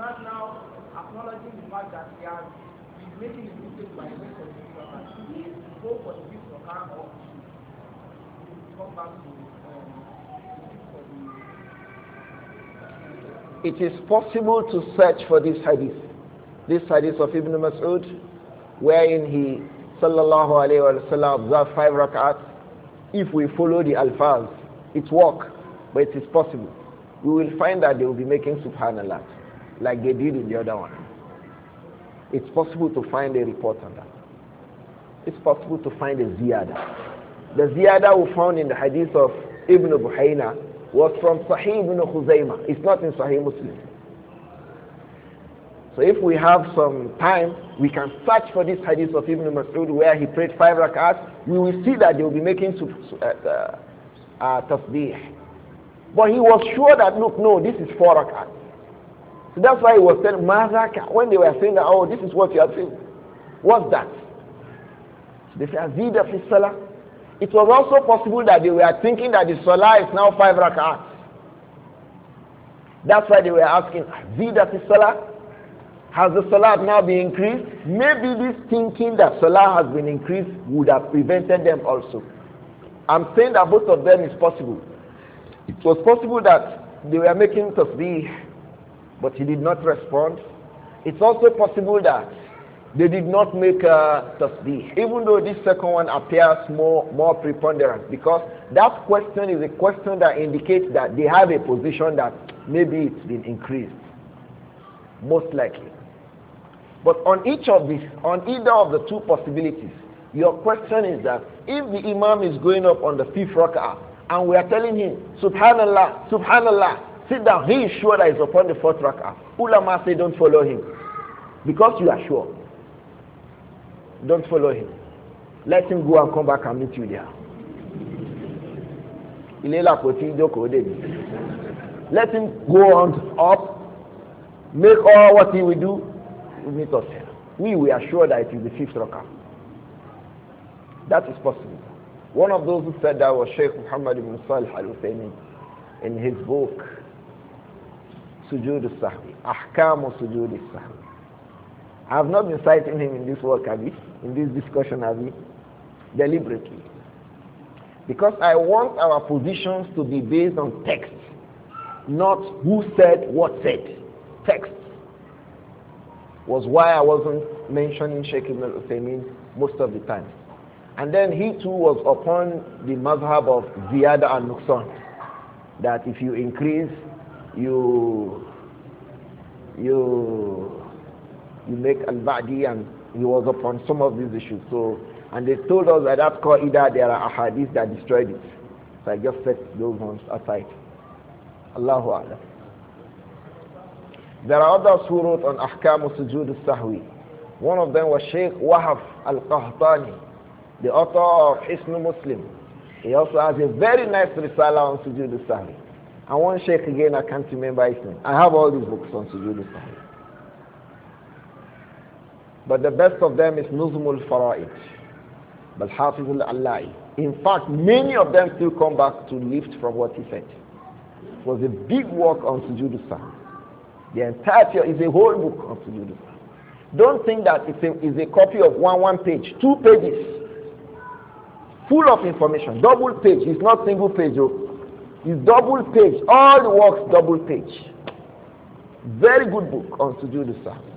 man now acknowledging the fact that he has been making a mistake by going for the Quran. Should he go for the Quran or come back to um, It is possible to search for this hadith. This hadith of Ibn Mas'ud, wherein he, sallallahu alayhi wa sallam, observed five rak'at. If we follow the alfaz, it's work, but it is possible. We will find that they will be making subhanallah like they did in the other one. It's possible to find a report on that. It's possible to find a ziyada. The ziyada we found in the hadith of Ibn Buhayna was from Sahih Ibn Khuzaymah. It's not in Sahih Muslim. So if we have some time, we can search for this hadith of Ibn Mas'ud where he prayed five rak'ahs. We will see that they will be making uh, uh, uh, tasbih. But he was sure that, look, no, this is four rak'ahs. So that's why he was saying, Mazaka, when they were saying that, oh, this is what you are saying. What's that? So they said, Azida fi salah. It was also possible that they were thinking that the salah is now five rak'ahs. That's why they were asking, Azida fi salah? Has the salah now been increased? Maybe this thinking that salah has been increased would have prevented them also. I'm saying that both of them is possible. It was possible that they were making tasbih but he did not respond. It's also possible that they did not make a tasbih, even though this second one appears more, more preponderant, because that question is a question that indicates that they have a position that maybe it's been increased, most likely. But on each of these, on either of the two possibilities, your question is that if the imam is going up on the fifth rak'ah and we are telling him, Subhanallah, Subhanallah, Sit down. He is sure that he's upon the fourth rak'ah. Ulama say don't follow him. Because you are sure. Don't follow him. Let him go and come back and meet you there. Let him go on up, make all what he will do, meet us here. We, we are sure that it will be fifth rak'ah. That is possible. One of those who said that was Sheikh Muhammad ibn Salih al in his book sujood sahwi, ahkam sujood sahwi. I have not been citing him in this work, Abi, in this discussion, Abi, deliberately. Because I want our positions to be based on text, not who said what said. Text was why I wasn't mentioning Sheikh Ibn al-Uthaymeen most of the time. And then he too was upon the mazhab of Ziyada and Nuqsan, that if you increase, you you you make al-ba'di and he was upon some of these issues so and they told us that that either there are ahadith that destroyed it so i just set those ones aside allahu a'lam there are others who wrote on ahkam sujood sahwi one of them was sheikh wahaf al-qahtani the author of ism muslim he also has a very nice risala on sujood al-sahwi and one sheikh again, I can't remember his name. I have all these books on Sujood Sahih. But the best of them is Nuzmul Fara'id, but hafiz al-Allai. In fact, many of them still come back to lift from what he said. It was a big work on Sujood Sahih. The entirety is a whole book on Sujood Sahih. Don't think that it's a, it's a copy of one one page, two pages, full of information, double page. It's not single page. though. It's double page. All the works double page. Very good book on sujood sahwi.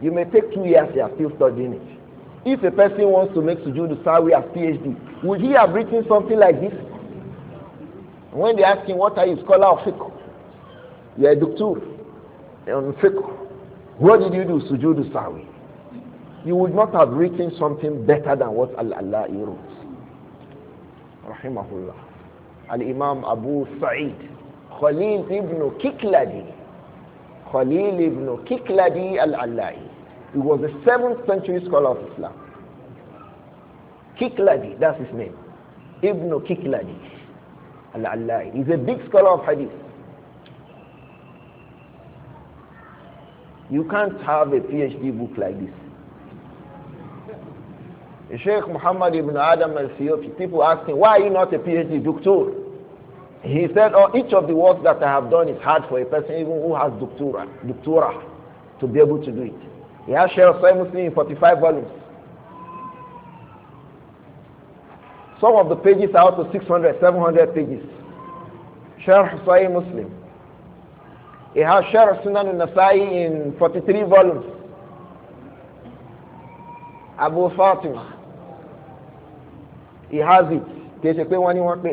You may take two years, you are still studying it. If a person wants to make sujood sahwi as PhD, would he have written something like this? When they ask him, what are you, scholar of fiqh? You are a doctor on fiqh. What did you do, sujood sahwi? You would not have written something better than what Allah, allah wrote. Rahimahullah. الإمام imam Abu Sa'id, Khalil ibn خليل Khalil ibn Kikladi al He was a 7th century scholar of Islam. Kikladi, that's his name. Ibn Kikladi al He's a big scholar of hadith. You can't have a PhD book like this. Sheikh Muhammad ibn Adam al-Siyoti, people asking, him, why are you not a PhD doctor? He said, oh, each of the work that I have done is hard for a person even who has doctora, doctora to be able to do it. He has Sheikh Sahih Muslim in 45 volumes. Some of the pages are up to 600, 700 pages. Sheikh Sahih Muslim. He has Sheikh Sunan al-Nasai in 43 volumes. Abu Fatima. He has it. Kìí ṣe pé wọ́n ní wọ́n pè.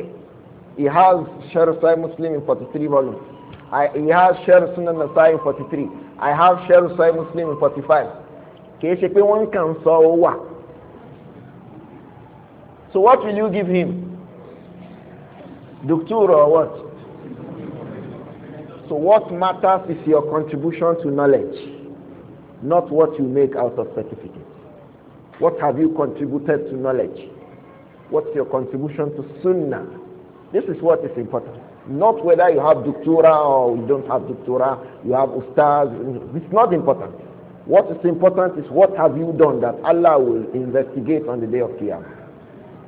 He has Sharh Sahih Muslim in forty three volumes. I, he has Sharh Sunan Nasai in forty three. I have Sharh Sahih Muslim in forty five. Kìí ṣe pé wọ́n kàn sọ ó wà. So what will you give him? Doctor or what? So what matters is your contribution to knowledge, not what you make out of certificates. What have you contributed to knowledge? What's your contribution to Sunnah? This is what is important. Not whether you have doctora or you don't have doctora, you have ustaz. It's not important. What is important is what have you done that Allah will investigate on the day of Qiyamah.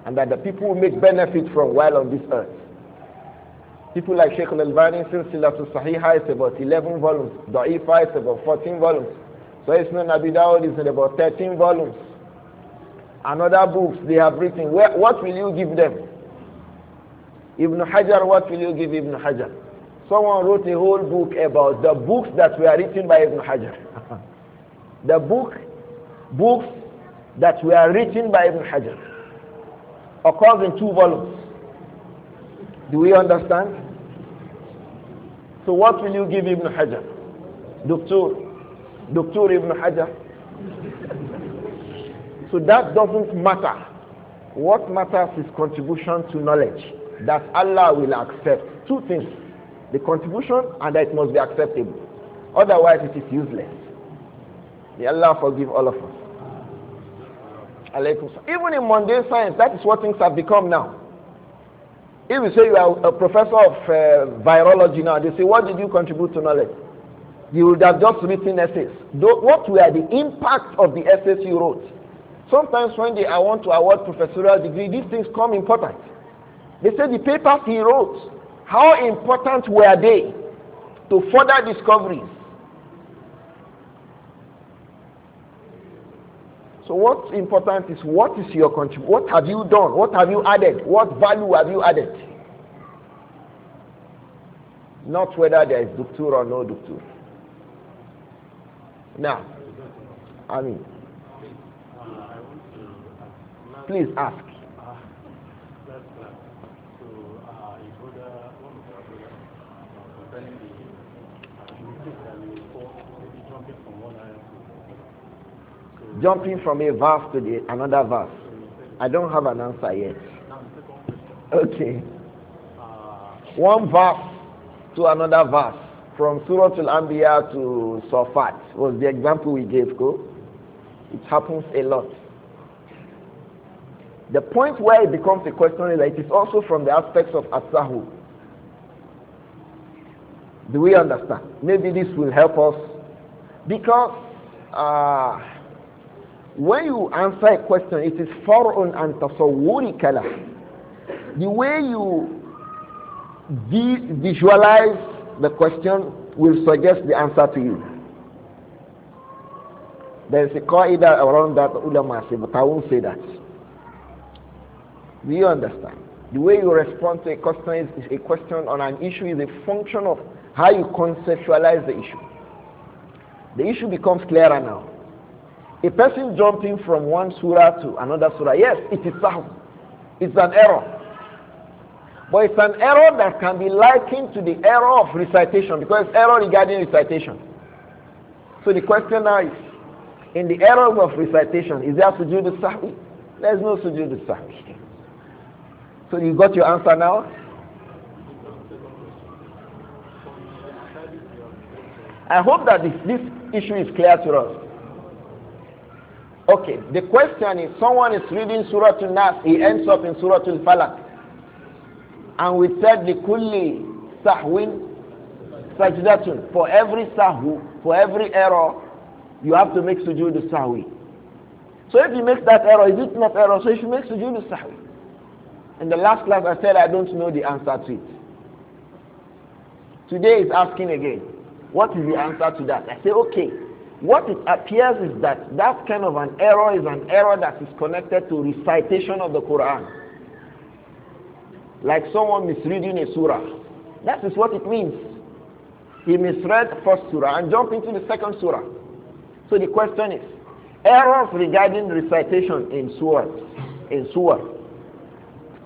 And that the people will make benefit from while on this earth. People like Sheikh al-Albani, Silsilatul Sahih is about 11 volumes. Da'ifa is about 14 volumes. So it's not Dawud is about 13 volumes and other books they have written, where, what will you give them? Ibn Hajar, what will you give Ibn Hajar? Someone wrote a whole book about the books that were written by Ibn Hajar. the book, books that were written by Ibn Hajar occurs in two volumes. Do we understand? So what will you give Ibn Hajar? Doctor, Doctor Ibn Hajar. So that doesn't matter. What matters is contribution to knowledge that Allah will accept. Two things the contribution and that it must be acceptable. Otherwise, it is useless. May Allah forgive all of us. Even in mundane science, that is what things have become now. If you say you are a professor of uh, virology now, they say, What did you contribute to knowledge? You would have just written essays. What were the impact of the essays you wrote? Sometimes when they I want to award professorial degree, these things come important. They say the papers he wrote, how important were they to further discoveries? So what's important is what is your contribution? What have you done? What have you added? What value have you added? Not whether there is doctor or no doctor. Now, I mean, Please ask. Jumping from a verse to the, another verse. I don't have an answer yet. Okay. One verse to another verse. From Surah Al-Anbiya to Safat was the example we gave, go. It happens a lot. The point where it becomes a question is that it is also from the aspects of asahu. Do we understand? Maybe this will help us because uh, when you answer a question, it is far'un and tasawwuri kala. The way you visualize the question will suggest the answer to you. There is a qaida around that ulama say, but I won't say that. Do you understand? The way you respond to a question is, is a question on an issue is a function of how you conceptualize the issue. The issue becomes clearer now. A person jumping from one surah to another surah, yes, it is sahw. It's an error. But it's an error that can be likened to the error of recitation because error regarding recitation. So the question now is, in the error of recitation, is there sujood sahwi? There's no sujood sahwi. So you got your answer now? I hope that this, this issue is clear to us. Okay, the question is someone is reading Surah Al-Nas, he ends up in Surah Al-Falaq. And we said, the لِكُلِّ sahwin sajdatun. For every sahu, for every error, you have to make sujood sahwi. So if you make that error, is it not error? So you should make sujood sahwi. In the last class, I said I don't know the answer to it. Today is asking again, what is the answer to that? I say, okay. What it appears is that that kind of an error is an error that is connected to recitation of the Quran. Like someone misreading a surah. That is what it means. He misread first surah and jumped into the second surah. So the question is, errors regarding recitation in surah, in surah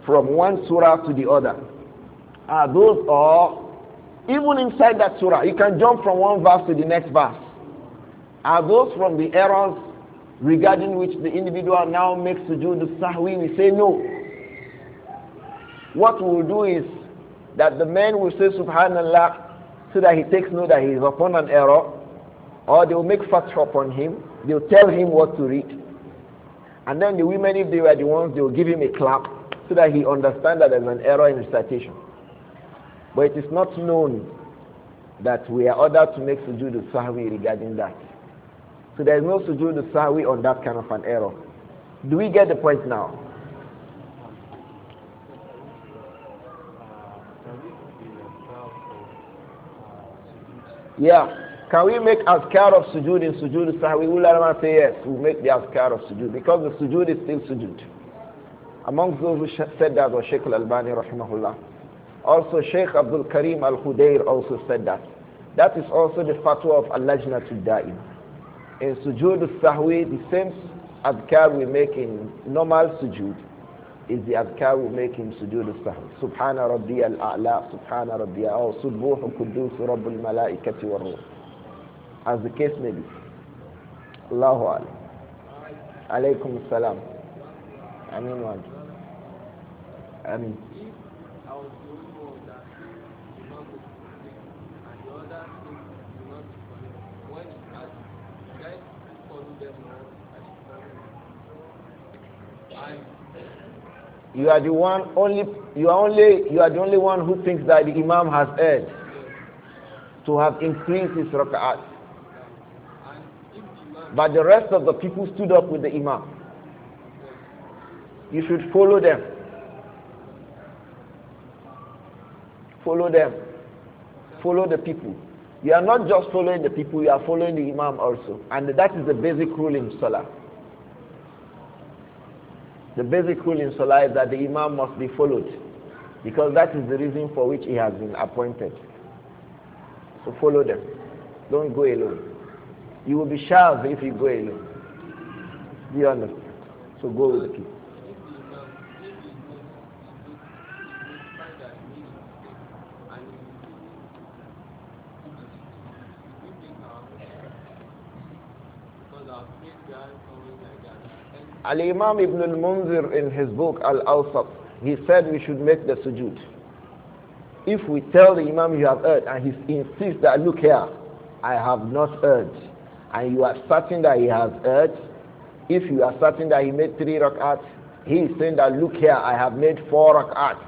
from one surah to the other ah, are those or even inside that surah you can jump from one verse to the next verse are those from the errors regarding which the individual now makes to do the sahwi we say no what we will do is that the man will say subhanallah so that he takes note that he is upon an error or they will make fatwa upon him they will tell him what to read and then the women if they were the ones they will give him a clap so that he understands that there's an error in recitation. But it is not known that we are ordered to make sujood sahwi regarding that. So there is no sujood sahwi on that kind of an error. Do we get the point now? Yeah. Can we make askar of sujood in sujood sahwi? Ulama say yes, we make the askar of sujood because the sujood is still sujood. Amongst those who said that was Sheikh al-Albani rahimahullah. Also Sheikh Abdul Karim al-Khudair also said that. That is also the fatwa of Al-Lajnatul Da'im. In sujood al-sahwi, the same adhkar we make in normal sujood is the adhkar we make in sujood al-sahwi. Subhana Rabbi al-a'la, subhana rabbiya, or subbuhu kudus rabbul malaikati wa ruh. As the case may be. Allahu alayhi. Alaykum salam. আমিও মহাজন আমি You are the one only you are only you are the only one who thinks that the Imam has erred to have increased his rak'at. But the rest of the people stood up with the Imam. You should follow them. Follow them. Follow the people. You are not just following the people, you are following the Imam also. And that is the basic rule in Salah. The basic rule in Salah is that the Imam must be followed. Because that is the reason for which he has been appointed. So follow them. Don't go alone. You will be sharp if you go alone. Do you understand? So go with the people. Al-Imam Ibn al-Munzir in his book Al-Awsat, he said we should make the sujood. If we tell the Imam you have heard and he insists that look here, I have not heard, and you are certain that he has heard, if you are certain that he made three rak'ats, he is saying that look here, I have made four rak'ats.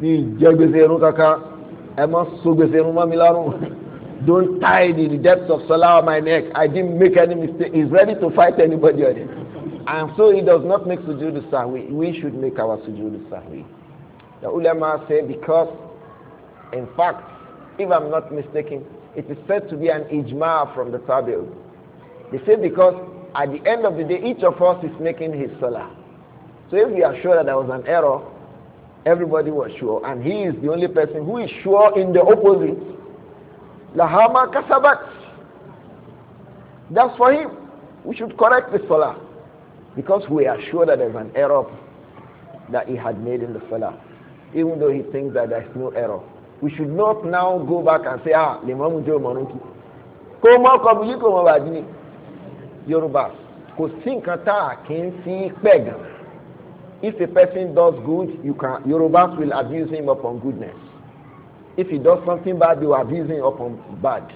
Don't tie the depths of salah on my neck. I didn't make any mistake. He's ready to fight anybody on it. And so he does not make sujood sahwi. We should make our sujood sahwi. The ulama say because, in fact, if I'm not mistaken, it is said to be an ijma from the tabi'un. They say because at the end of the day, each of us is making his salah. So if we are sure that there was an error, everybody was sure, and he is the only person who is sure in the opposite. Lahama kasabat. That's for him. We should correct the salah. Because we are sure that there's an error that he had made in the salah, even though he thinks that there's no error. We should not now go back and say, ah, Limamu Joe Manuki. Kó mọ́ kọ́mu yìí kò mọ́ bàá dín Yorùbá. Kò sí nǹkan tá If a person does good, you can, Yorùbá will abuse him upon goodness. If he does something bad, they will abuse him upon bad.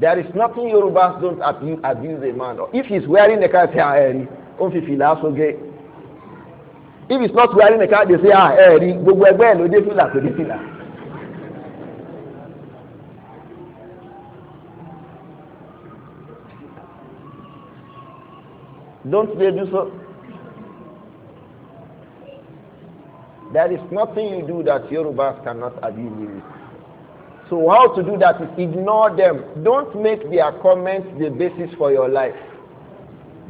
There is nothing Yorubas don't abuse, abuse a man. If he's wearing a car, say, ah, Eri, eh, onfifila soge. If he's not wearing a car, they say, ah, Eri, eh, gbogbo ẹgbẹ́ ẹ̀ ló dé fìlà kò dé fìlà. Don't they do so? There is nothing you do that Yorubas cannot abuse you with. So how to do that is ignore them. Don't make their comments the basis for your life.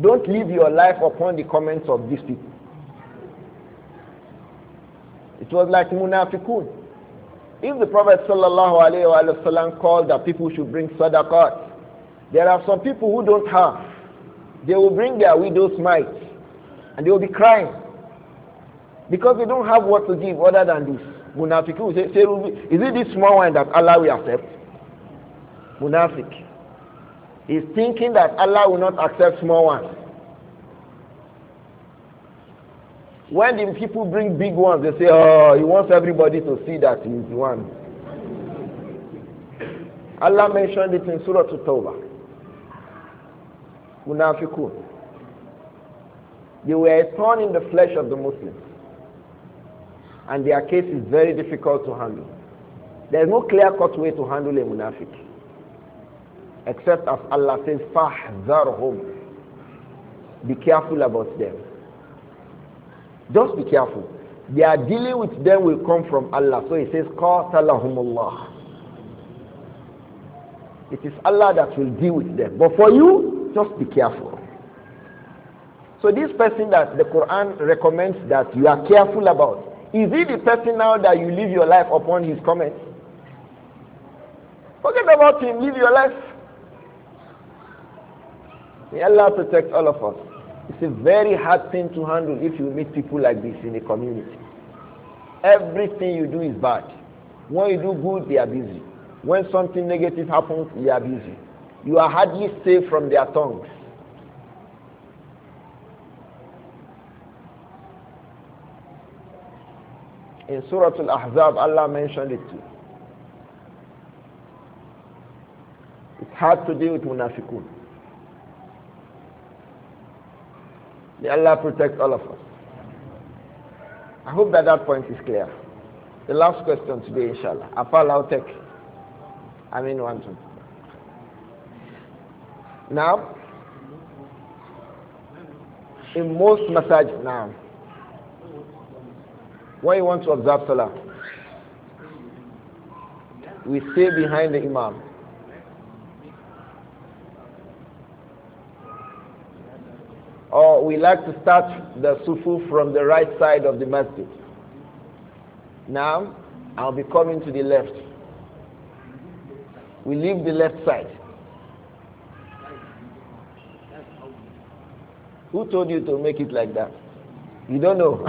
Don't live your life upon the comments of these people. It was like munafiqun. If the Prophet wasallam called that people should bring sadaqat, there are some people who don't have. They will bring their widow's mite and they will be crying because they don't have what to give other than this. Munafiq say, say, is it this small one that Allah will accept? Munafiq. He's thinking that Allah will not accept small ones. When the people bring big ones, they say, oh, he wants everybody to see that he's one. Allah mentioned it in Surah Tawbah. Munafiqun. They were a thorn in the flesh of the Muslims and their case is very difficult to handle. There is no clear-cut way to handle a munafiq, except as Allah says, "Fahzarhum." Be careful about them. Just be careful. The dealing with them will come from Allah. So He says, Allah. It is Allah that will deal with them. But for you, just be careful. So this person that the Quran recommends that you are careful about, is he the person now that you live your life upon his comments? Forget about him, live your life. May Allah protect all of us. It's a very hard thing to handle if you meet people like this in a community. Everything you do is bad. When you do good, they are busy. When something negative happens, they are busy. You are hardly safe from their tongues. In Surah Al-Ahzab, Allah mentioned it too. It had to deal with munafiqun. May Allah protect all of us. I hope that that point is clear. The last question today, inshallah. Afal i I mean one, two. Now, in most masajid now, when you want to observe Salah, we stay behind the Imam. Or we like to start the sufu from the right side of the masjid. Now, I'll be coming to the left. We leave the left side. Who told you to make it like that? You don't know.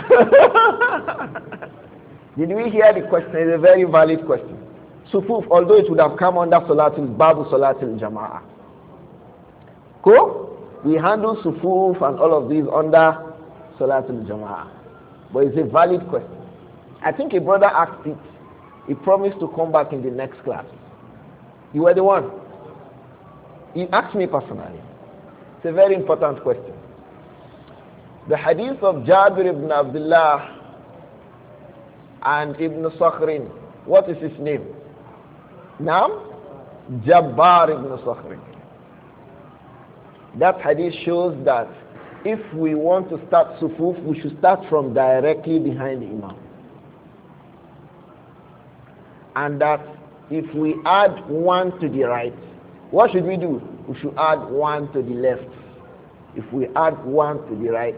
Did we hear the question? It's a very valid question. Sufuf, although it would have come under Salatul Babu Salatul Jama'ah. Cool? We handle Sufuf and all of these under Salatul Jama'ah. But it's a valid question. I think a brother asked it. He promised to come back in the next class. You were the one. He asked me personally. It's a very important question. The hadith of Jabir ibn Abdullah and Ibn Sakhrin. What is his name? Nam? Jabbar ibn Sakhrin. That hadith shows that if we want to start sufuf, we should start from directly behind the imam. And that if we add one to the right, what should we do? We should add one to the left. If we add one to the right,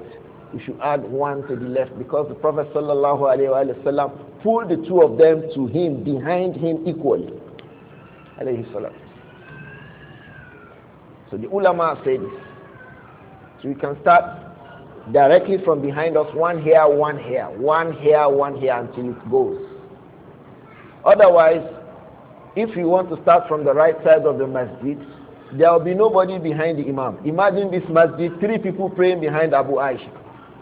we should add one to the left because the Prophet sallallahu alaihi wasallam pulled the two of them to him behind him equally. Alayhi salam. So the ulama said this. So we can start directly from behind us, one here, one here, one here, one here until it goes. Otherwise, if you want to start from the right side of the masjid, there will be nobody behind the imam. Imagine this masjid, three people praying behind Abu Aisha.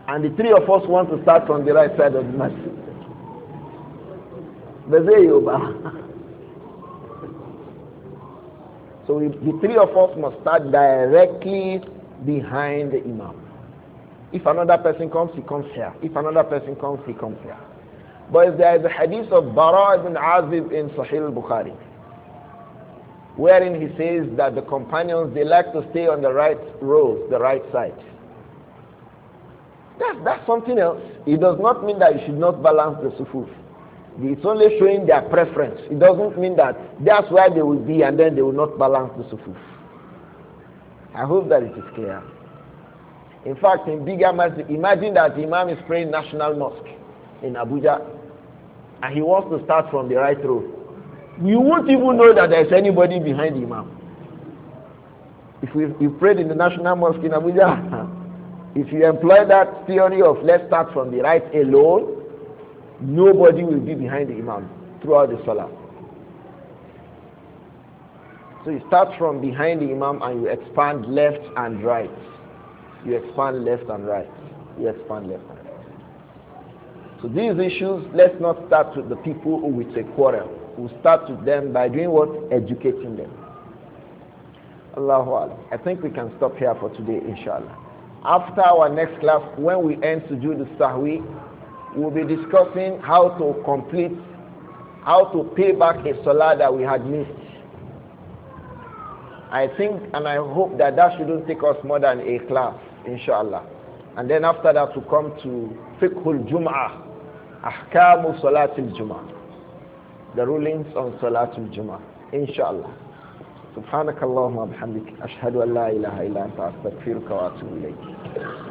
And the three of us want to start from the right side of the masjid. So we, the three of us must start directly behind the imam. If another person comes, he comes here. If another person comes, he comes here. But there is a hadith of Bara ibn Azib in Sahih al-Bukhari, wherein he says that the companions they like to stay on the right road, the right side. That's, that's something else. It does not mean that you should not balance the sufuf. It's only showing their preference. It doesn't mean that that's where they will be and then they will not balance the sufuf. I hope that it is clear. In fact, in bigger masjid, imagine that Imam is praying National Mosque in Abuja and he wants to start from the right road. We won't even know that there is anybody behind the imam. If we, pray prayed in the National Mosque in Abuja, if you employ that theory of let's start from the right alone, nobody will be behind the imam throughout the salah. So you start from behind the imam and you expand left and right. You expand left and right. You expand left and right. So these issues, let's not start with the people with a quarrel will start with them by doing what? Educating them. Allahu Akbar. I think we can stop here for today, inshallah. After our next class, when we end to do the Sahwi, we'll be discussing how to complete, how to pay back a Salah that we had missed. I think and I hope that that shouldn't take us more than a class, inshallah. And then after that, we come to Fiqhul Jum'ah, Ahkamu Salatil Jum'ah the rulings on Salatul Jummah. Inshallah. Subhanakallahumma bihamdik. Ashhadu an ilaha illa anta astaghfiruka wa